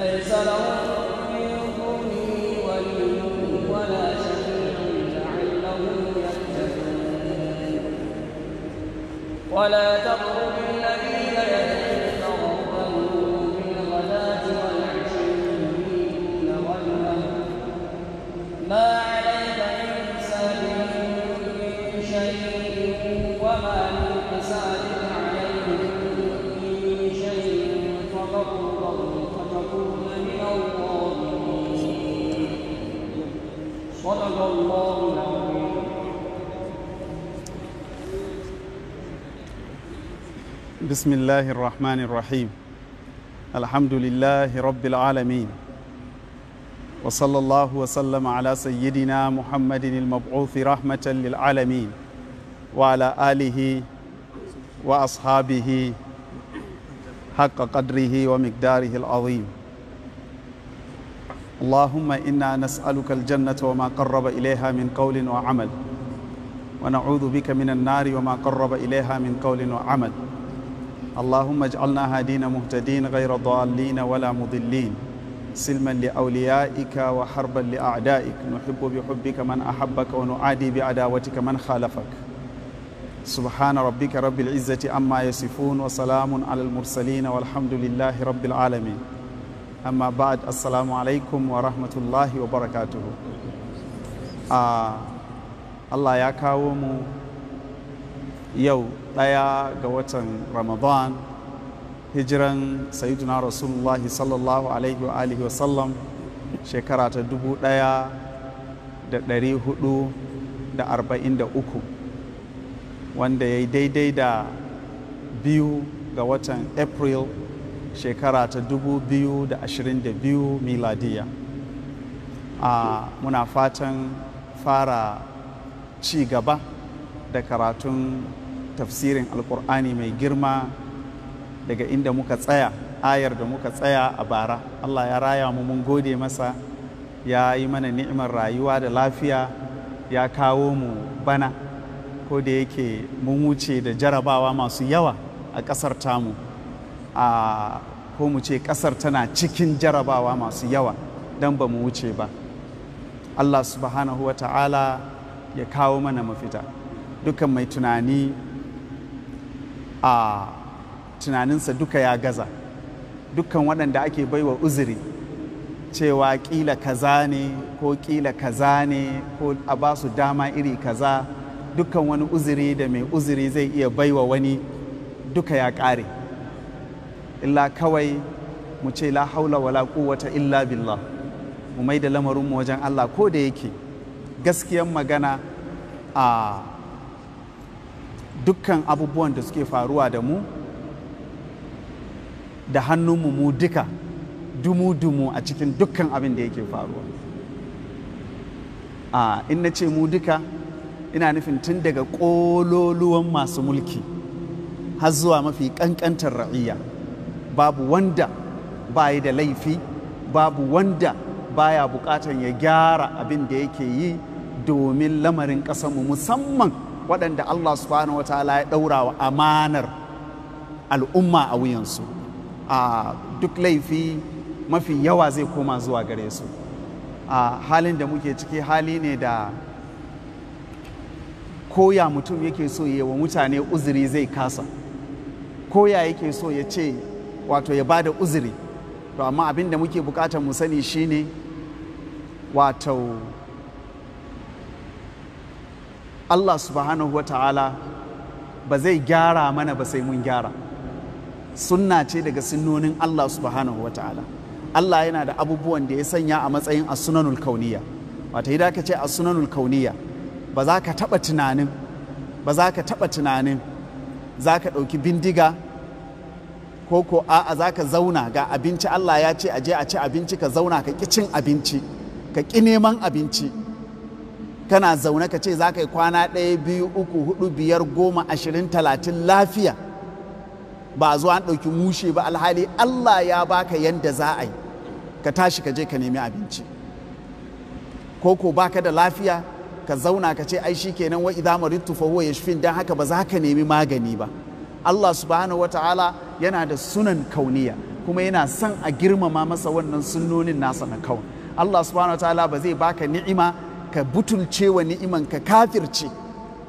ليس له من ولي ولا شفيع ولا تقربوا بسم الله الرحمن الرحيم الحمد لله رب العالمين وصلى الله وسلم على سيدنا محمد المبعوث رحمة للعالمين وعلى آله وأصحابه حق قدره ومقداره العظيم اللهم إنا نسألك الجنة وما قرب إليها من قول وعمل ونعوذ بك من النار وما قرب إليها من قول وعمل اللهم اجعلنا هادين مهتدين غير ضالين ولا مضلين سلما لأوليائك وحربا لأعدائك نحب بحبك من أحبك ونعادي بعداوتك من خالفك سبحان ربك رب العزة أما يصفون وسلام على المرسلين والحمد لله رب العالمين أما بعد السلام عليكم ورحمة الله وبركاته آه الله يكاومو yau ɗaya ga watan ramadan hijiran sayyiduna rasulullahi sallallahu alaihi wa alihi sallam shekara ta dubu ɗaya da ɗari hudu da arba'in da uku wanda ya yi daidai da biyu ga watan april shekara ta dubu biyu da ashirin da biyu miladiya a muna fatan fara ci gaba da karatun tafsirin alkur'ani mai girma daga inda muka tsaya ayar da muka tsaya a bara allah ya raya mu mun gode masa ya yi mana ni'imar rayuwa da lafiya ya kawo mu bana ko da yake mun wuce da jarabawa masu yawa a ƙasar tamu a ko mu ce ƙasar tana cikin jarabawa masu yawa don ba mu wuce ba allah subhanahu wa ta'ala ya kawo mana mafita dukan mai tunani a tunaninsa duka ya gaza dukkan waɗanda ake baiwa uzuri cewa ƙila kaza ne ko ƙila kaza ne ko a ba su dama iri kaza dukkan wani uzuri da mai uzuri zai iya baiwa wani duka ya ƙare illa kawai mu ce la haula wala quwwata illa billah mu mai da lamarinmu wajen Allah ko da yake gaskiyan magana a dukkan abubuwan da suke faruwa da mu da hannunmu mu duka dumu-dumu a cikin dukkan abin da yake faruwa a in na ce mu duka ina nufin tun daga ƙololuwan masu mulki har zuwa mafi ƙanƙantar ra'iyya babu wanda bayi da laifi babu wanda baya buƙatar ya gyara abin da yake yi domin lamarin ƙasarmu musamman waɗanda Allah subhanahu wa ta'ala ya ɗaura wa amanar al'umma a wuyansu a duk laifi mafi yawa zai koma zuwa gare su a halin da muke ciki hali ne da koya mutum yake so ya wa mutane uzuri zai kasa koya yake so ya ce wato ya bada uzuri to amma abin da muke bukatar mu sani shine wato Allah subhanahu wa ta'ala ba zai gyara mana ba sai mun gyara sunna ce daga sunnonin Allah subhanahu wa ta'ala Allah yana da abubuwan da ya sanya a matsayin a sunanul kauniya wata idan ka ce a sunanul kauniya ba za ka taba tunanin ba za ka taba tunanin za ka ɗauki bindiga ko ko a'a za ka zauna ga abinci Allah ya ce a je a ci abinci ka zauna ka ƙi cin abinci ka ƙi neman abinci kana zaune ka ce za ka yi kwana ɗaya biyu uku hudu biyar goma ashirin talatin lafiya ba a zuwa an ɗauki mushe ba alhali allah ya baka yanda za a yi ka tashi ka je ka nemi abinci ko ko baka da lafiya ka zauna ka ce ai shikenan wa idza maridtu fa huwa yashfin dan haka ba za ka nemi magani ba Allah subhanahu wataala yana da sunan kauniya kuma yana son a girmama masa wannan sunnonin nasa na kawai Allah subhanahu wataala ba zai baka ni'ima ka butulce wa ni'iman ka kafirce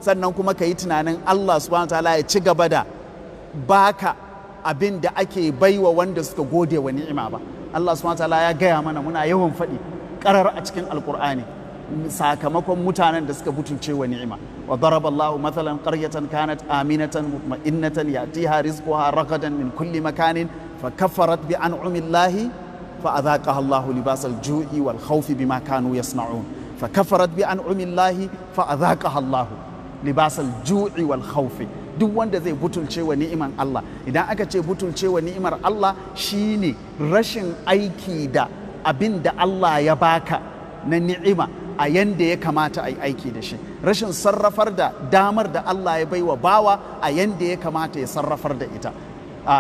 sannan kuma ka yi tunanin Allah subhanahu ta'ala ya ci gaba da baka abin da ake baiwa wanda suka gode wa ni'ima ba Allah subhanahu ta'ala ya gaya mana muna yawan faɗi karar a cikin alkur'ani sakamakon mutanen da suka butulce wa ni'ima wa daraba Allahu mathalan qaryatan kanat aminatan mutma'innatan yatiha rizquha ragadan min kulli makanin fa kafarat bi an'umillahi fa adhaqaha Allahu libasal ju'i wal khawfi bima kanu yasna'un fa kafarat bi an'umillahi fa azaqaha Allah libasal ju'i wal khaufi duk wanda zai butulce wa ni'iman Allah idan aka ce butulce wa ni'imar Allah shine rashin aiki da abin da Allah ya baka na ni'ima a yanda ya kamata a yi aiki da shi rashin sarrafar da damar da Allah ya baiwa bawa a yanda ya kamata ya sarrafar da ita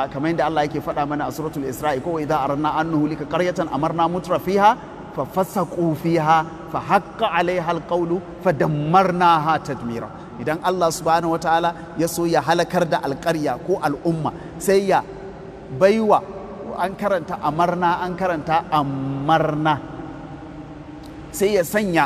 kamar yadda Allah yake faɗa mana a suratul Isra'i ko idza aranna annahu lika qaryatan amarna mutrafiha fa fasaku fiha fa haqqa alaiha alqawlu fa dammarnaha tadmira idan Allah subhanahu wataala ya so ya halakar da alƙarya ko al'umma sai ya baiwa an karanta amarna an karanta amarna sai ya sanya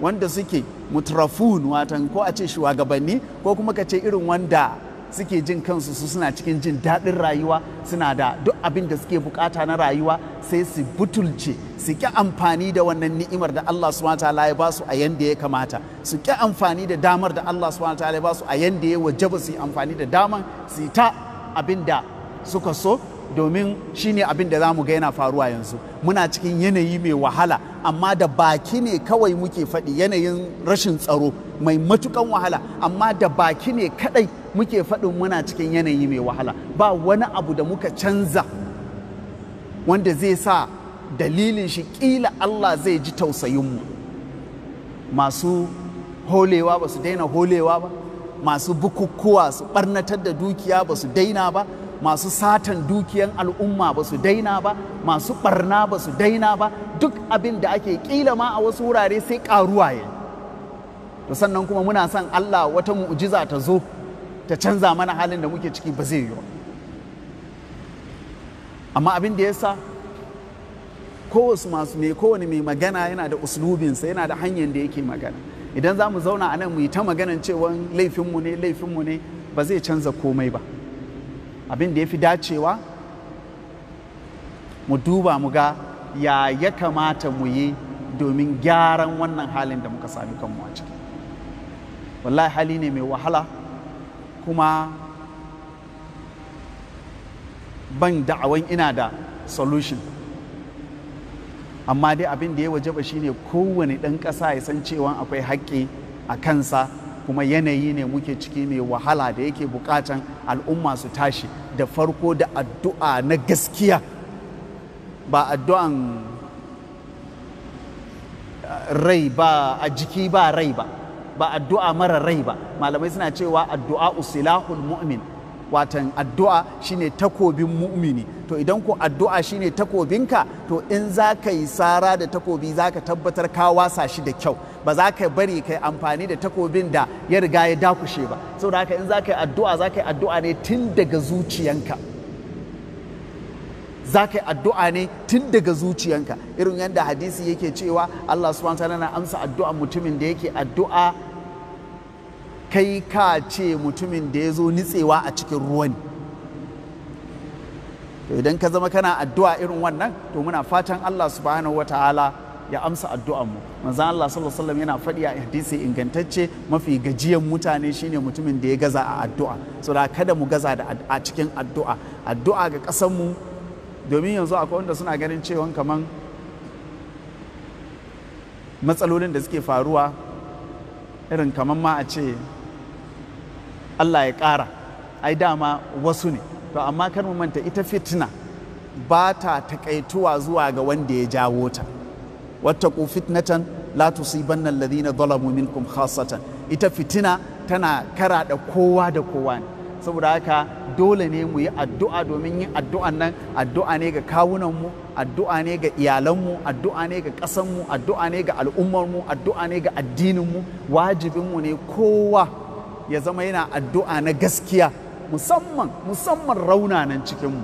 wanda suke mutrafun watan ko a ce shugabanni ko kuma ka ce irin wanda suke jin kansu su suna cikin jin daɗin rayuwa suna da duk abin da suke bukata na rayuwa sai su butulce su ƙi amfani da wannan ni'imar da Allah su ta ya ba su a yanda ya kamata su ƙi amfani da damar da Allah su ta ya ba su a yanda ya wajaba su yi amfani da damar su ta abin da suka so domin shi ne abin da za mu ga yana faruwa yanzu muna cikin yanayi mai wahala amma da baki ne kawai muke faɗi yanayin rashin tsaro mai matukan wahala amma da baki ne kadai muke faɗin muna cikin yanayi mai wahala ba wani abu da muka canza wanda zai sa dalilin shi ƙila Allah zai ji tausayinmu masu holewa ba su daina holewa ba masu bukukuwa su ɓarnatar da dukiya ba su daina ba masu satan dukiyan al'umma ba su daina ba masu ɓarna ba su daina ba duk abin da ake ƙila ma a wasu wurare sai ƙaruwa ya to sannan kuma muna son Allah wata mu'jiza ta zo ta canza mana halin da muke ciki ba zai yi amma abin da ya sa kowace masu mai kowane mai magana yana da uslubinsa yana da hanyar da yake magana idan za mu zauna a nan mu yi ta maganan cewa laifinmu ne laifinmu ne ba zai canza komai ba abin da ya fi dacewa mu duba mu ga ya ya kamata mu yi domin gyaran wannan halin da muka sami kanmu a ciki wallahi hali ne mai wahala kuma ban da'awan ina da solution amma dai abin da ya wajaba shine kowane ɗan ƙasa ya san cewa akwai haƙƙi a kansa kuma yanayi ne muke ciki mai wahala da yake buƙatan al'umma su tashi da farko da addu'a na gaskiya ba addu'an eh, rai ba a jiki ba rai ba ba addu'a mara rai ba malamai suna cewa addu'a usilahul mu'min watan addu'a shine takobin mu'mini to idan ku addu'a shine takobinka to in za ka yi tsara da takobi za ka tabbatar ka wasa shi da kyau ba za ka bari ka yi amfani da takobin da ya riga ya dakushe ba saboda haka in za ka yi addu'a za ka yi addu'a ne tun daga zuciyanka za ka yi addu'a ne tun daga zuciyanka irin yadda hadisi yake cewa Allah subhanahu wa ta'ala na amsa addu'a mutumin da yake addu'a kai ka ce mutumin da ya zo nitsewa a cikin ruwa ne to idan ka zama kana addu'a irin wannan to muna fatan Allah subhanahu wataala ya amsa addu'an mu manzo Allah sallallahu alaihi wasallam yana faɗi a hadisi ingantacce mafi gajiyan mutane shine mutumin da ya gaza a addu'a So, da kada mu gaza da a cikin addu'a addu'a ga ƙasar mu domin yanzu akwai wanda suna ganin cewa kaman matsalolin da suke faruwa irin kaman ma a ce Allah ya ƙara ai dama wasu ne to amma kar mu manta ita fitina ba ta takaituwa zuwa ga wanda ya jawo ta ku fitnatan la tusibanna alladhina zalamu minkum khassatan ita fitina tana kara da kowa da kowa ne saboda haka dole ne mu yi addu'a domin yin addu'an nan addu'a ne ga kawunan mu addu'a ne ga iyalanmu addu'a ne ga ƙasanmu addu'a ne ga al'ummarmu addu'a ne ga addinin wajibin wajibinmu ne kowa ya zama yana addu'a na gaskiya musamman musamman rauna nan cikinmu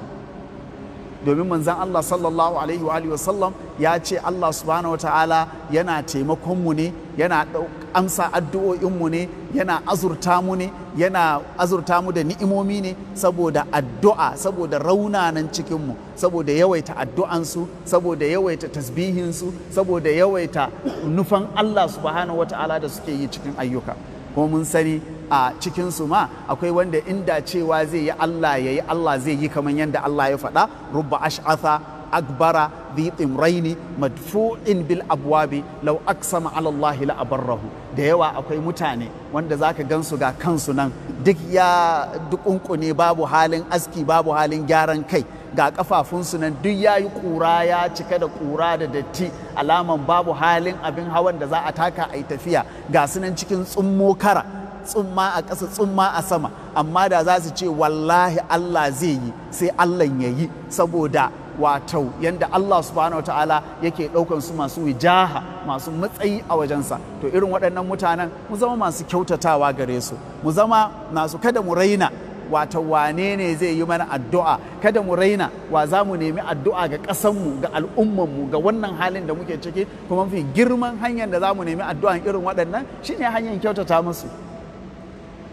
domin manzan Allah sallallahu alaihi wa sallam ya ce Allah subhanahu wa ta'ala yana taimakonmu ne yana amsa addu'o'inmu ne yana azurta mu ne yana azurta mu da ni'imomi ne saboda addu'a saboda rauna nan cikinmu saboda yawaita addu'ansu saboda yawaita tasbihinsu saboda yawaita nufan Allah subhanahu wa ta'ala da suke yi cikin ayyuka kuma mun sani a cikin su ma akwai wanda inda cewa zai yi Allah ya yi Allah zai yi kamar yadda Allah ya faɗa rubba ash'atha akbara bi imraini madfu'in bil abwabi law aksama ala Allah la abarrahu da yawa akwai mutane wanda zaka gansu ga kansu nan duk ya dukunkune babu halin aski babu halin gyaran kai ga kafafunsu nan duk ya yi kura ya cika da kura da datti alaman babu halin abin hawan da za a taka a yi tafiya ga sunan cikin tsummo kara tsumma a ƙasa tsumma a sama amma da za su ce wallahi Allah zai yi sai Allah ya yi saboda wato yadda Allah subhanahu ta'ala yake ɗaukan su masu wijaha masu matsayi a wajensa to irin waɗannan mutanen mu zama masu kyautatawa gare su mu zama masu kada mu raina wata wane ne zai yi mana addu'a kada mu raina wa za mu nemi addu'a ga ƙasanmu ga mu ga wannan halin da muke ciki kuma fi girman hanyar da za mu nemi addu'a irin waɗannan shine hanyar kyautata musu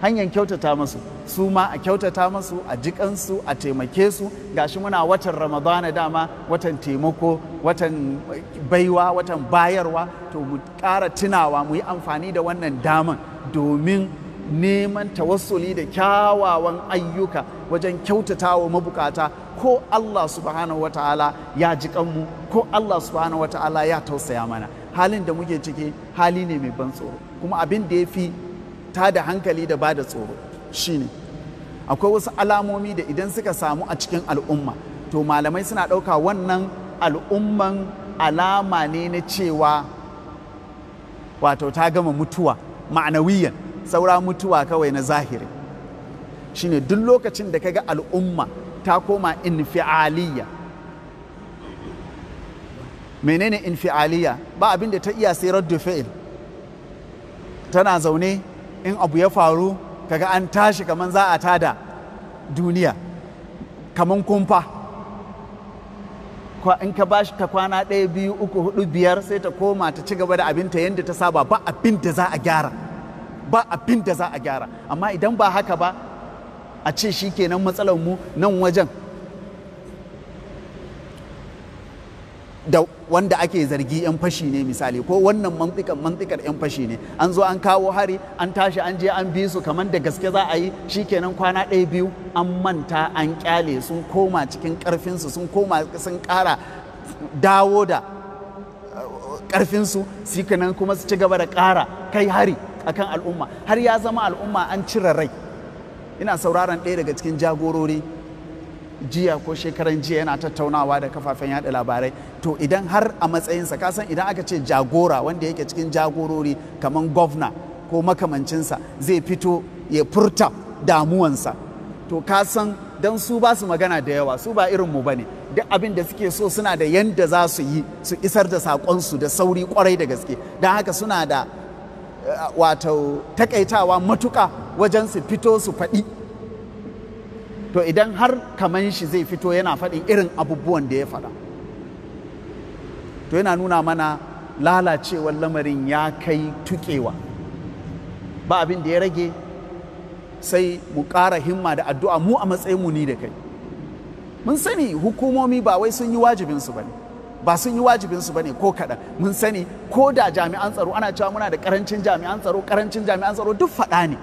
hanyar kyautata masu su ma a kyautata masu a jikansu a taimake su ga shi muna watan ramadana dama watan taimako watan baiwa watan bayarwa to mu ƙara tunawa mu yi amfani da wannan daman domin neman tawassuli da kyawawan ayyuka wajen kyautata wa mabukata ko Allah subhanahu wataala ya ji kanmu ko Allah subhanahu wataala ya tausaya mana halin da muke ciki hali ne mai ban tsoro kuma abin da ya fi ta da hankali da ba da tsoro shine akwai wasu alamomi da idan suka samu a cikin al'umma to malamai suna ɗauka wannan al'umman alama ne na cewa wato ta gama mutuwa ma'anawiyan saura mutuwa kawai na zahiri shine duk lokacin da ka ga al'umma ta koma infi'aliyya menene infialiya ba abin da ta iya sai raddu fi'il tana zaune in abu ya faru kaga an tashi kamar za a tada duniya kamar kumfa in ka bashi ta kwana ɗaya biyu uku hudu biyar sai ta koma ta ci gaba da abinta yadda ta saba ba abin da za a gyara ba abin da za a gyara amma idan ba haka ba a ce shi kenan matsalar mu nan wajen da wanda ake zargi 'yan fashi ne misali ko wannan mantikar mantikar 'yan fashi ne an zo an kawo hari an tashi an je an bi su kamar da gaske za a yi shikenan kwana ɗaya biyu an manta an kyale sun koma cikin ƙarfinsu sun koma sun ƙara dawo da eh, ƙarfinsu shikenan kuma su ci gaba da ƙara kai hari akan al'umma har ya zama al'umma an cire rai ina sauraron ɗaya daga cikin jagorori jiya ko shekaran jiya yana tattaunawa da kafafen yada labarai to idan har a matsayinsa kasan idan aka ce jagora wanda yake cikin jagorori kamar gwamna ko makamancinsa zai fito ya furta damuwansa to kasan don su ba su magana da yawa su ba irinmu ba ne duk abin da suke so suna da yanda za su yi su isar da saƙonsu da sauri kwarai da gaske don haka suna da eh, wato takaitawa matuka wajen su fito su faɗi to idan har kaman shi zai fito yana faɗin irin abubuwan da ya faɗa to yana nuna mana lalacewar lamarin ya kai tukewa ba abin da ya rage sai mu ƙara himma da addu'a mu a matsayin mu ni da kai mun sani hukumomi ba wai sun yi wajibinsu ba ne ba sun yi wajibinsu ba ne ko kaɗan mun sani ko da jami'an tsaro ana cewa muna da ƙarancin jami'an tsaro ƙarancin jami'an tsaro duk faɗa ne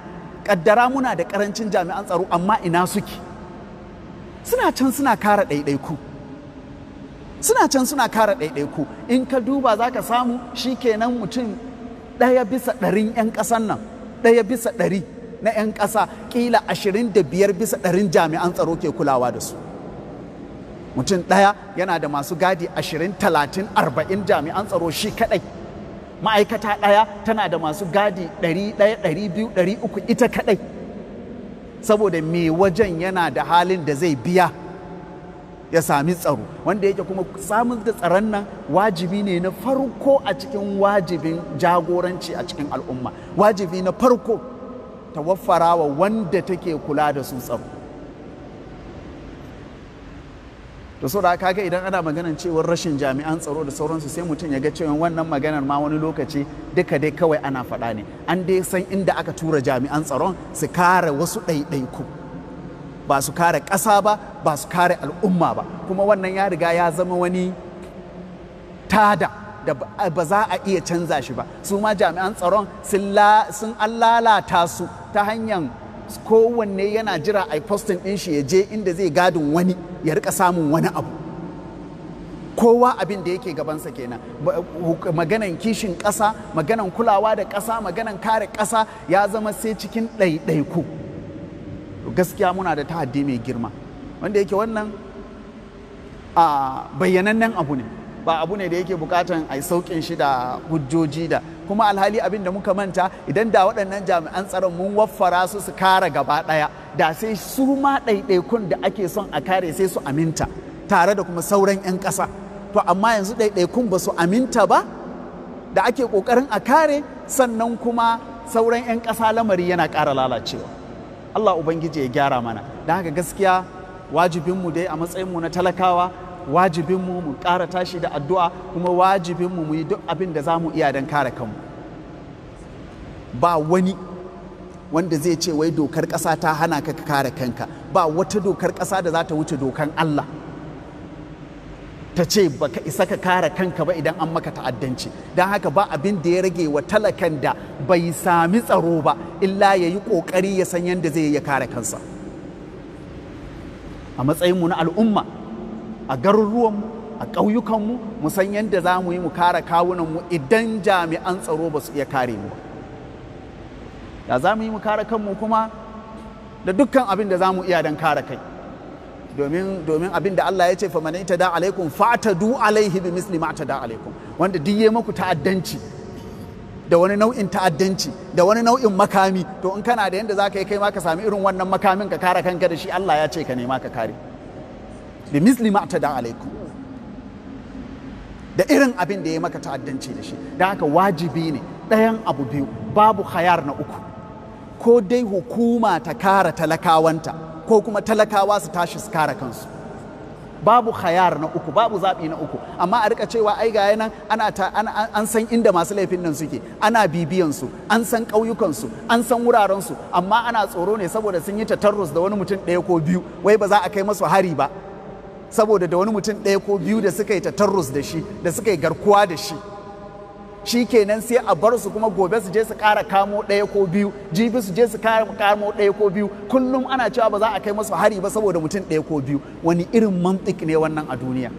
ƙaddara muna da ƙarancin jami'an tsaro amma ina suke suna can suna kara ɗaiɗaiku suna can suna kara ɗaiɗaiku in ka duba za ka samu shi kenan mutum ɗaya bisa ɗarin 'yan ƙasan nan ɗaya bisa ɗari na 'yan ƙasa ƙila ashirin da biyar bisa ɗarin jami'an tsaro ke kulawa da su mutum ɗaya yana da masu gadi ashirin talatin arba'in jami'an tsaro shi kaɗai ma'aikata ɗaya tana da masu gadi ɗari ɗaya ɗari biyu ɗari uku ita kaɗai saboda me wajen yana da halin da zai biya ya sami tsaro wanda yake kuma samun da tsaron nan wajibi ne na farko a cikin wajibin jagoranci a cikin al'umma wajibi na farko ta wa wanda take kula da su tsaro da saboda ga idan ana maganar cewar rashin jami'an tsaro da sauransu sai mutum ya ga cewa wannan maganar ma wani lokaci duka dai kawai ana faɗa ne an dai san inda aka tura jami'an tsaron su kare wasu ɗaiɗaiku ba su kare ƙasa ba ba su kare al'umma ba kuma wannan ya riga ya zama wani tada da ba za a iya canza shi ba su ma jami'an tsaron sun lalata su ta hanyar kowanne yana jira a postin ɗin shi ya je inda zai gadin wani ya rika samun wani abu kowa abin da yake gabansa kenan maganan kishin ƙasa maganan kulawa da ƙasa maganan kare ƙasa ya zama sai cikin ɗaiɗaiku gaskiya muna da tahaddi mai girma wanda yake wannan a bayyanannen abu ne ba abu ne da yake bukatan a sauƙin shi da hujjoji da kuma alhali abin da muka manta idan da waɗannan jami'an tsaron mun waffara su su kara gaba ɗaya da sai su ma ɗaiɗaikun da ake son a kare sai su aminta tare da kuma sauran 'yan ƙasa to amma yanzu ɗaiɗaikun ba su aminta ba da ake ƙoƙarin a kare sannan kuma sauran 'yan ƙasa lamari yana ƙara lalacewa Allah Ubangiji ya gyara mana da haka gaskiya wajibinmu dai a matsayinmu na talakawa wajibinmu mu ƙara tashi da addu'a kuma wajibinmu mu yi duk abin da za mu iya don kare kanmu ba wani wanda zai ce wai dokar ƙasa ta hana ka kare kanka ba wata dokar ƙasa da za ta wuce dokan Allah ta ce ba ka isa ka kare kanka ba idan an maka ta'addanci don haka ba abin da ya rage wa talakan da bai sami tsaro ba illa ya yi ƙoƙari ya san yadda zai ya kare kansa a matsayinmu na al'umma a garuruwanmu a ƙauyukanmu mu san yadda za mu yi mu kare kawunanmu idan jami'an tsaro ba su iya kare mu da za mu yi mu kare kanmu kuma da dukkan abin da za mu iya don kare kai domin abin da Allah ya ce fa manita da alaikum du alaihi bi misli ma da alaikum wanda duk maku ta'addanci da wani nau'in ta'addanci da wani nau'in makami to in kana da yanda zaka yi kai ma ka sami irin wannan makamin ka kare kanka da shi Allah ya ce ka nema ka kare bi misli ma ta da alaikum da irin abin da ya maka ta'addanci da shi da haka wajibi ne ɗayan abu biyu babu hayar na uku ko dai hukuma ta kara talakawanta ko kuma talakawa su tashi su kara kansu babu hayar na uku babu zaɓi na uku amma a rika cewa ai ga nan an, san inda masu laifin nan suke ana bibiyan su an san ƙauyukansu, an san wurarensu, amma ana tsoro ne saboda sun yi tatarrus da wani mutum ɗaya ko biyu wai ba za a kai masu hari ba saboda da wani mutum ɗaya ko biyu da suka yi tattarus da shi da suka yi garkuwa da shi shi kenan sai a bar su kuma gobe su je su kara kamo ɗaya ko biyu jibi su je su kara kamo ɗaya ko biyu kullum ana cewa ba za a kai masu hari ba saboda mutum ɗaya ko biyu wani irin mantik ne wannan a duniya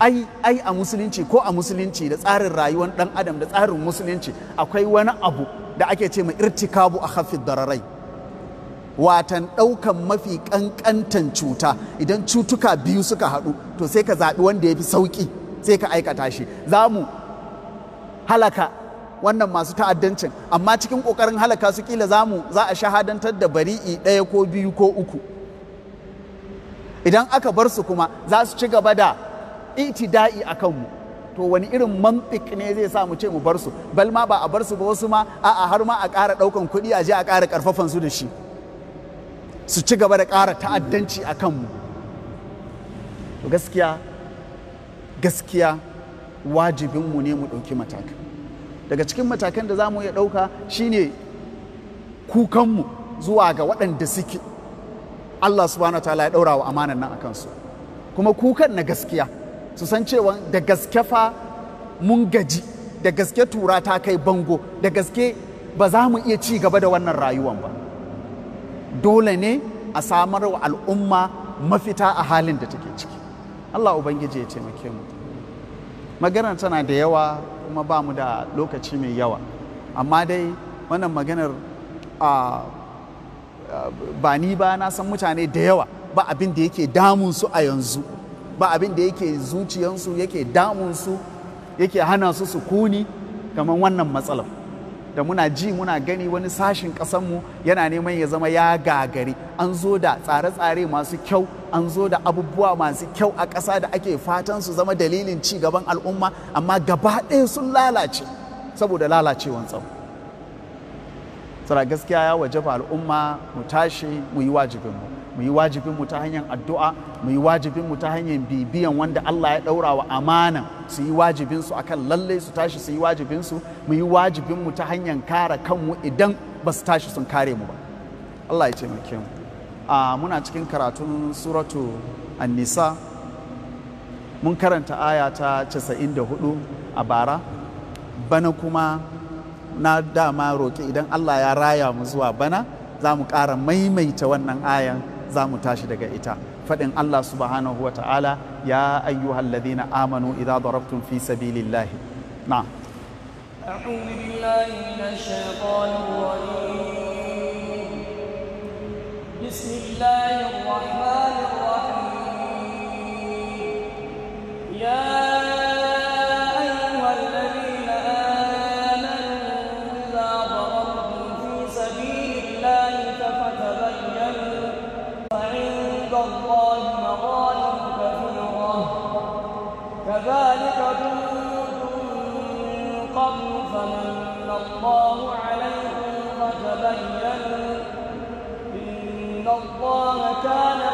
ai a musulunci ko a musulunci da tsarin rayuwar ɗan adam da tsarin musulunci akwai wani abu da ake ce mai irtikabu a hafi dararai watan ɗaukan mafi ƙanƙantan cuta idan cutuka biyu suka haɗu to sai ka zaɓi wanda ya fi sauƙi sai ka aikata shi za mu halaka wannan masu ta'addancin amma cikin ƙoƙarin halaka su kila za mu za a shahadantar da bari'i ɗaya ko biyu ko uku idan aka bar su kuma za su ci gaba da itida'i a kanmu to wani irin mantik ne zai sa mu ce mu bar su bal ba a bar su ba wasu ma a'a har ma a ƙara ɗaukan kuɗi a je a ƙara ƙarfafan su da shi su ci gaba da ƙara ta'addanci a kanmu gaskiya gaskiya wajibinmu ne mu ɗauki matakan daga cikin matakan da za mu iya ɗauka shine kukanmu zuwa ga waɗanda suke Allah subhanahu wa ta'ala ya ɗaura wa amanan nan a kansu kuma kukan na gaskiya su san cewa da gaske fa mun gaji da gaske tura ta kai bango da gaske ba za mu iya ci gaba da wannan rayuwan ba dole ne a samar wa al'umma mafita a halin da take ciki Allah Ubangiji ya taimake mu maganar tana da yawa kuma ba mu da lokaci mai yawa amma dai wannan maganar ba ni ba na san mutane da yawa ba abin da yake su a yanzu ba abin da yake zuciyansu yake damunsu yake hana su su kuni, kamar wannan matsalar da muna ji muna gani wani sashin ƙasanmu yana neman ya zama ya gagari an zo da tsare-tsare masu kyau an zo da abubuwa masu kyau a ƙasa da ake fatan su zama dalilin ci gaban al'umma amma gaba ɗaya sun lalace saboda lalacewan tsaro tsara gaskiya ya wajaba al'umma mu tashi mu yi wajibinmu mu yi wajibinmu ta hanyar addu'a mu yi wajibin mu ta hanyar bibiyan wanda Allah ya ɗaura wa amana su yi wajibin su akan lalle su tashi su yi wajibin su mu yi wajibin mu ta hanyar kare kanmu idan ba su tashi sun kare mu ba Allah ya taimake mu a muna cikin karatun suratu an-nisa mun karanta aya ta 94 a bara bana kuma na dama roƙi idan Allah ya raya mu zuwa bana za mu ƙara maimaita wannan ayan za mu tashi daga ita فدن الله سبحانه وتعالى يا أيها الذين آمنوا إذا ضربتم في سبيل الله نعم أعوذ بالله من الشيطان الرجيم بسم الله الرحمن الرحيم يا الله بما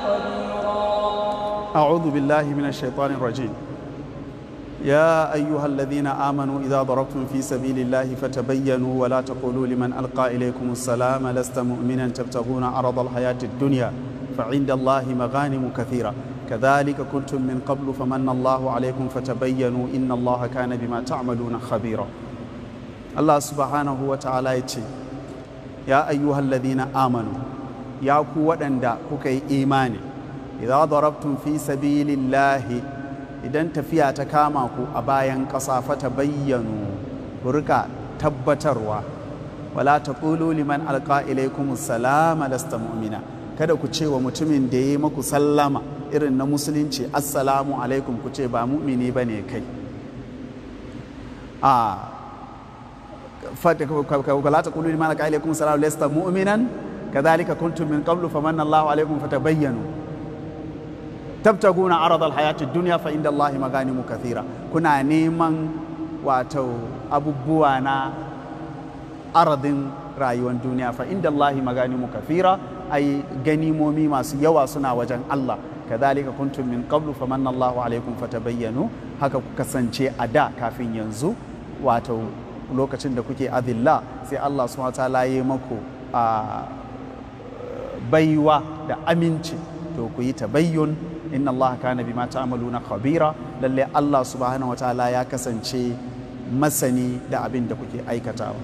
خبيرا أعوذ بالله من الشيطان الرجيم يا أيها الذين آمنوا إذا ضربتم في سبيل الله فتبينوا ولا تقولوا لمن ألقى إليكم السلام لست مؤمنا تبتغون عرض الحياة الدنيا فعند الله مغانم كثيرة كذلك كنتم من قبل فمن الله عليكم فتبينوا إن الله كان بما تعملون خبيرا الله سبحانه وتعالى يتشي ya ayyuhal ladina amanu ya ku waɗanda kuka yi imani idza fi sabilillahi idan tafiya ta kama ku a bayan ƙasa fata bayyanu ku rika tabbatarwa wala taqulu liman alqa ilaykum salama lasta mu'mina kada ku ce wa mutumin da ya yi maku sallama irin na musulunci assalamu alaikum ku ce ba mu'mini bane kai a ah, ولا تقولوا لما لك عليكم السلام لست مؤمنا كذلك كنتم من قبل فمن الله عليكم فتبينوا tabtaguna aradal hayati duniya fa inda Allah maganimu kathira kuna neman wato abubuwa na aradin rayuwar duniya fa inda Allah maganimu kathira ai ganimomi masu yawa suna wajen Allah kadhalika kuntum min qablu famanna Allahu alaikum fatabayyanu haka ku kasance a da kafin yanzu wato lokacin da kuke adilla sai Allah su ta'ala yi maku a baiwa da aminci to ku yi tabayyun inna Allah kana bima na khabira lalle Allah subhanahu ta'ala ya kasance masani da abin da kuke aikatawa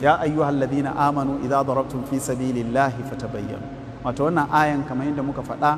ya ayyuhal ladina amanu idza darabtum fi sabilillahi fatabayyanu wato wannan ayan kamar yadda muka faɗa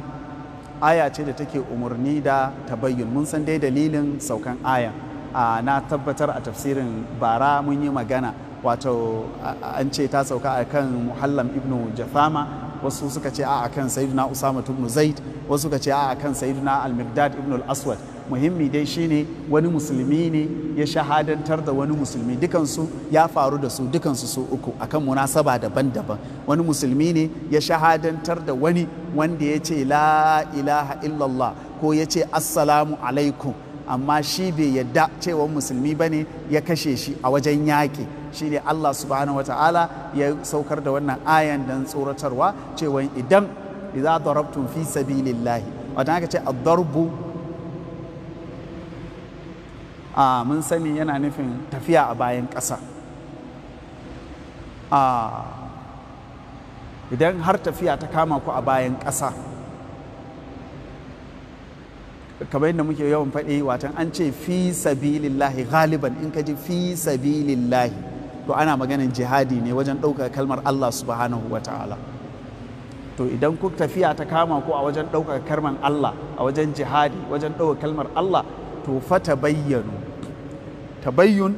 aya ce da take umarni da tabayyun mun san dai dalilin saukan ayan na tabbatar a tafsirin bara mun yi magana wato an ce ta sauka a kan muhallam ibnu jafama wasu suka ce a kan sayyiduna usama ibn zaid wasu suka ce a kan sayyiduna al-miqdad ibn al-aswad muhimmi dai shine wani musulmi ne ya shahadantar da wani musulmi dukansu ya faru da su dukansu su uku akan munasaba daban-daban wani musulmi ne ya shahadantar da wani wanda ya ce la ilaha illallah ko ya ce assalamu alaikum amma shi bai yadda cewa musulmi ba ne ya kashe shi a wajen yaƙi shi ne Allah subhanahu wa ta'ala ya saukar da wannan ayan don tsoratarwa cewa idan idza darabtum fi sabilillahi wata aka ce ad-darbu a mun sani yana nufin tafiya a bayan ƙasa idan har tafiya ta kama ku a bayan ƙasa kamar yadda muke yawan faɗi watan an ce fi sabilillahi galiban in ka ji fi sabilillahi to ana maganin jihadi ne wajen ɗaukar kalmar Allah subhanahu wa ta'ala to idan ku tafiya ta kama ku a wajen ɗaukar kalmar Allah a wajen jihadi wajen ɗaukar kalmar Allah to fa ta Ta tabayyun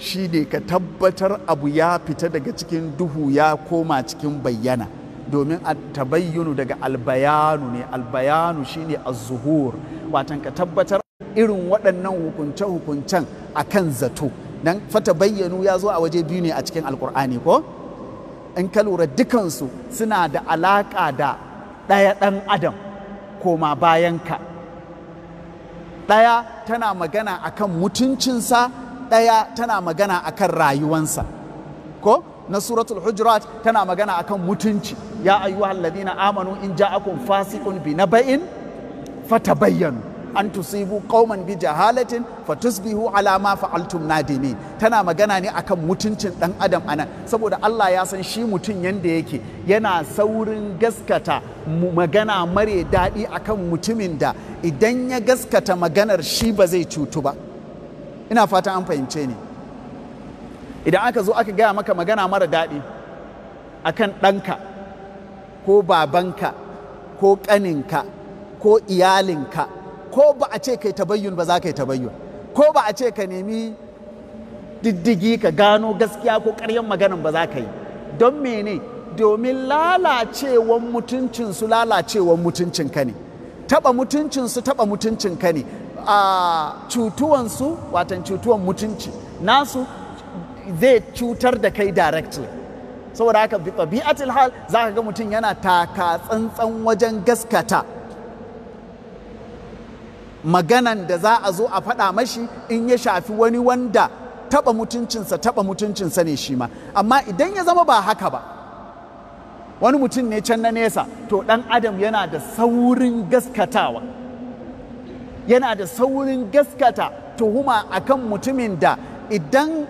shi ne ka tabbatar abu ya fita daga cikin duhu ya koma cikin bayyana domin a tabayyunu daga albayanu ne albayanu shine az-zuhur watan ka tabbatar irin waɗannan hukunce-hukuncen a kan zato don fata bayyanu ya zo a waje biyu ne a cikin alkur'ani ko in ka lura dukansu suna da alaƙa da ɗaya ɗan adam koma bayan ka ɗaya tana magana akan mutuncinsa ɗaya tana magana akan rayuwansa ko na suratul hujurat tana magana akan mutunci ya ayyuhal ladina amanu in ja'akum fasiqun bi naba'in fatabayyanu an tusibu qauman bi jahalatin fatusbihu ala ma fa'altum nadimin tana magana ne akan mutuncin dan adam anan saboda Allah ya san shi mutun yanda yake yana saurin gaskata magana mare daɗi akan mutumin da idan ya gaskata maganar shi ba zai cutu ba ina fata an fahimce ni idan aka zo aka gaya maka magana mara daɗi akan ɗanka ko babanka ko ƙaninka ko iyalinka ko ba a ce kai tabayyun ba za ka yi tabayyun ko ba a ce ka nemi diddigi ka gano gaskiya ko ƙaryan maganan ba za ka yi don mene domin lalacewan mutuncinsu lalacewan mutuncinka ne taɓa mutuncinsu taɓa mutuncinka ne a ah, cutuwansu watan cutuwan mutunci nasu zai cutar da kai directly saboda haka bi tabi'atul hal zaka ga mutum yana taka tsantsan wajen gaskata maganan da za a zo a faɗa mashi in ya shafi wani wanda taba mutuncinsa taba mutuncinsa ne shi ma amma idan ya zama ba haka ba wani mutum ne can na nesa to ɗan adam yana da saurin gaskatawa yana da saurin gaskata tuhuma akan mutumin da idan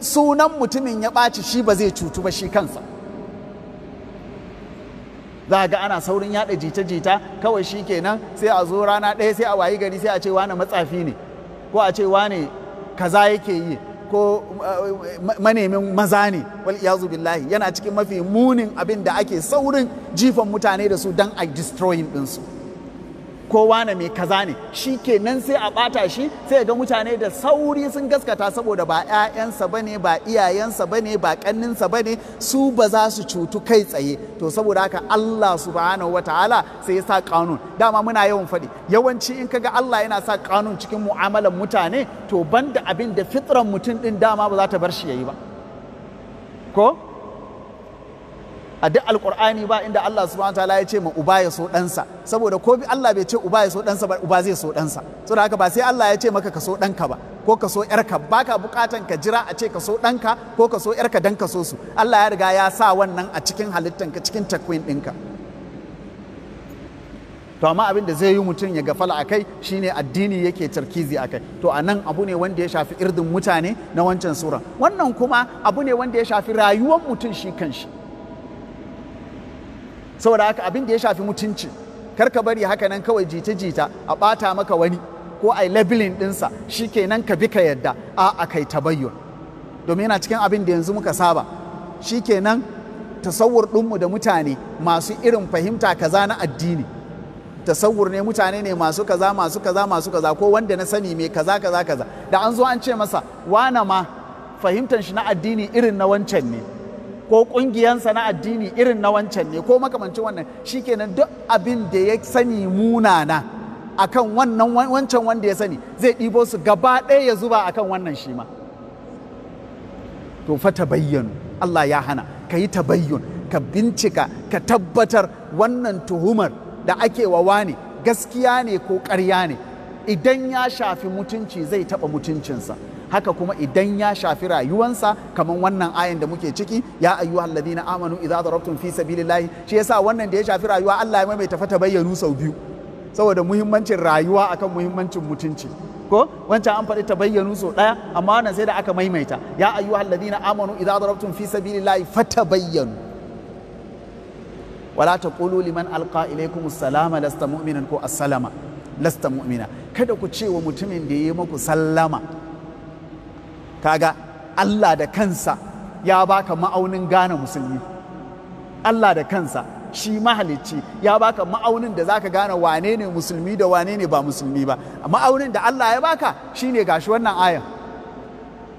sunan mutumin ya ɓaci shi ba zai cutu ba shi kansa za ga ana saurin yaɗa jita-jita kawai shi kenan sai a zo rana ɗaya sai a wayi gari sai a ce wane matsafi ne ko a ce wane kaza yake yi ko eh, manemin maza ne wal billahi yana cikin mafi munin abin da ake saurin jifan mutane da su don a destroying ɗinsu. Kowa na mai kaza ne shi kenan sai a bata shi sai ga mutane da sauri sun gaskata saboda ba 'ya'yansa ba ne ba iyayensa ba ne ba ƙanninsa ba ne su ba za su cutu kai tsaye to saboda haka Allah subhanahu wa ta'ala sai ya sa kanun dama muna yawan faɗi yawanci in kaga Allah yana sa kanun cikin mu'amalar mutane to banda abin da fitran mutum ɗin dama ba za ta bar shi ya yi ba ko a duk alkur'ani ba inda Allah subhanahu wataala ya ce ma uba ya so ɗansa saboda ko bi Allah bai ce uba ya so ɗansa ba uba zai so ɗansa saboda haka ba sai Allah ya ce maka ka so ɗanka ba ko ka so yarka baka bukatan ka jira a ce ka so ɗanka ko ka so yarka dan ka so su Allah ya riga ya sa wannan a cikin halittan ka cikin takwin ɗinka to amma abin da zai yi mutum ya gafala a kai shine addini yake tarkizi a kai to a nan abu ne wanda ya shafi irdin mutane na wancan sura wannan kuma abu ne wanda ya shafi rayuwar mutum shi kanshi saboda haka abin da ya shafi mutunci kar ka bari haka nan kawai jita-jita a ɓata maka wani ko a labilin ɗinsa shi ke nan ka bi ka yadda a a kai tabayyun domin yana cikin abin da yanzu muka saba shi ke nan tasawur ɗinmu da mutane masu irin fahimta kaza na addini tasawur ne mutane ne masu kaza masu kaza masu kaza ko wanda na sani mai kaza kaza kaza da an zo an ce masa wana ma fahimtar shi na addini irin na wancan ne ko kungiyansa na addini irin na wancan ne ko makamancin wannan shikenan duk abin da ya sani munana akan wannan wancan wanda ya sani zai ɗibo su gaba ɗaya ya zuba akan wannan shi ma to fa tabayyanu Allah ya hana ka yi tabayyun ka bincika ka tabbatar wannan tuhumar da ake wa wane gaskiya ne ko karya ne idan ya shafi mutunci zai taɓa mutuncinsa haka kuma idan ya shafi rayuwansa kamar wannan ayan da muke ciki ya ayyu halladina amanu idza darabtum fi sabilillahi shi yasa wannan da ya shafi rayuwa Allah ya maimaita tafata bayyanu sau biyu saboda muhimmancin rayuwa akan muhimmancin mutunci ko wancan an faɗi tabayyanu sau ɗaya amma wannan sai da aka maimaita ya ayyu halladina amanu idza darabtum fi sabilillahi fatabayyanu wala taqulu liman alqa ilaykum salama lasta mu'minan ko assalama lasta mu'mina kada ku ce wa mutumin da yayi muku sallama kaga Allah da kansa ya baka ma'aunin gane musulmi Allah da kansa shi mahalicci ya baka ma'aunin da zaka gane wane ne musulmi da wane ne ba musulmi ba ma'aunin da Allah ya baka shine gashi wannan ayan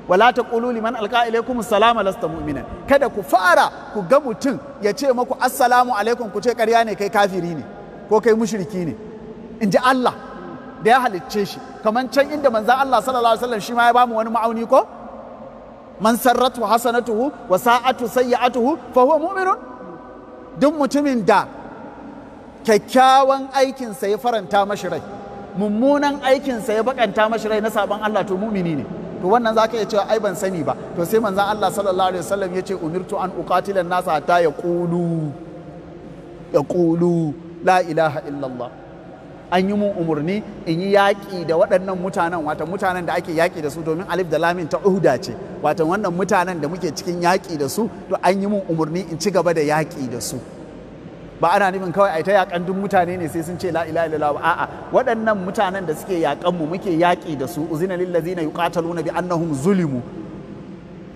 wala taqulu liman alqa ilaykum assalamu lasta mu'mina kada ku fara ku ga mutum ya ce maku assalamu alaikum ku ce karya ne kai kafiri ne ko kai mushriki ne in ji Allah da ya halicce shi kaman can inda manzan Allah sallallahu alaihi wasallam shi ma ya bamu wani ma'auni ko man sarratu hasanatuhu wa sa'atu sayyi'atuhu fa huwa mu'minun duk mutumin da kyakkyawan aikinsa ya faranta mashi rai mummunan aikinsa ya bakanta mashi rai na sabon Allah to mumini ne to wannan za ka iya cewa ai ban sani ba to sai manzan Allah sallallahu alaihi wasallam ya ce umirtu an uqatila nasa hatta yaqulu yaqulu la ilaha illallah an yi mun umarni in yi yaƙi da waɗannan mutanen wata mutanen da ake yaƙi da su domin alif da lamin ta uhuda ce wata wannan mutanen da muke cikin yaƙi da su to an yi mun umarni in ci gaba da yaƙi da su ba ana nufin kawai a ta yakan duk mutane ne sai sun ce la ilaha illallah ba a'a waɗannan mutanen da suke yaƙan mu muke yaƙi da su uzina lil ladina yuqataluna bi annahum zulimu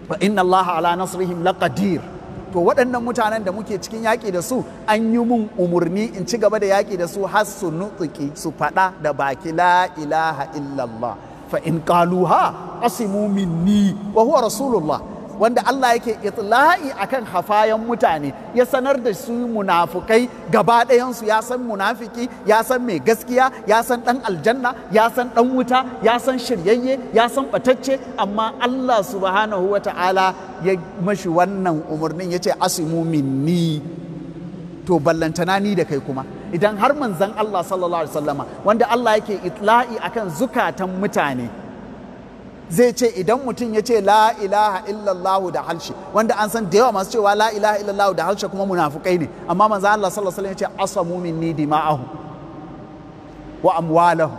fa inna allaha ala nasrihim laqadir to waɗannan mutanen da muke cikin yaƙi da su an yi mun umurni in ci gaba da yaƙi da su har su nutsuki su faɗa da baki la ilaha illallah fa in qaluha asimu minni wa huwa rasulullah wanda Allah yake itla'i akan hafayan mutane ya sanar da su munafukai gaba ɗayansu ya san munafiki ya san mai gaskiya ya san ɗan aljanna ya san ɗan wuta ya san shiryayye ya san ɓatacce amma Allah subhanahu wa ta'ala ya mashi wannan umarnin ya ce asimu minni to ballantana ni da kai kuma idan har manzan Allah sallallahu alaihi wasallama wanda Allah yake itla'i akan zukatan mutane zai ce idan mutum ya ce la ilaha illallahu da halshe wanda an san da yawa masu cewa la ilaha illallahu da halshe kuma munafukai ne amma manzo Allah sallallahu alaihi wasallam ya ce asamu minni dima'ahu wa amwalahu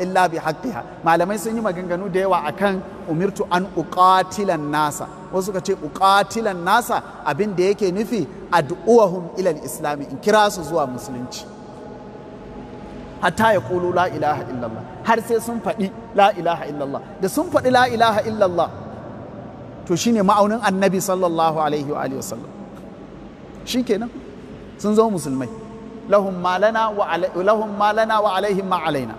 illa bi haqqiha malamai sun yi maganganu da yawa akan umirtu an uqatilan nasa wasu suka ce uqatilan nasa abin da yake nufi ad'uwahum ila al-islam in kira su zuwa musulunci hatta yaqulu la ilaha illallah har sai sun faɗi la ilaha illallah da sun faɗi la ilaha illallah to shine ma'aunin annabi sallallahu alaihi wa alihi wasallam shikenan sun zama musulmai lahum ma lana wa lahum ma lana wa alaihim ma alaina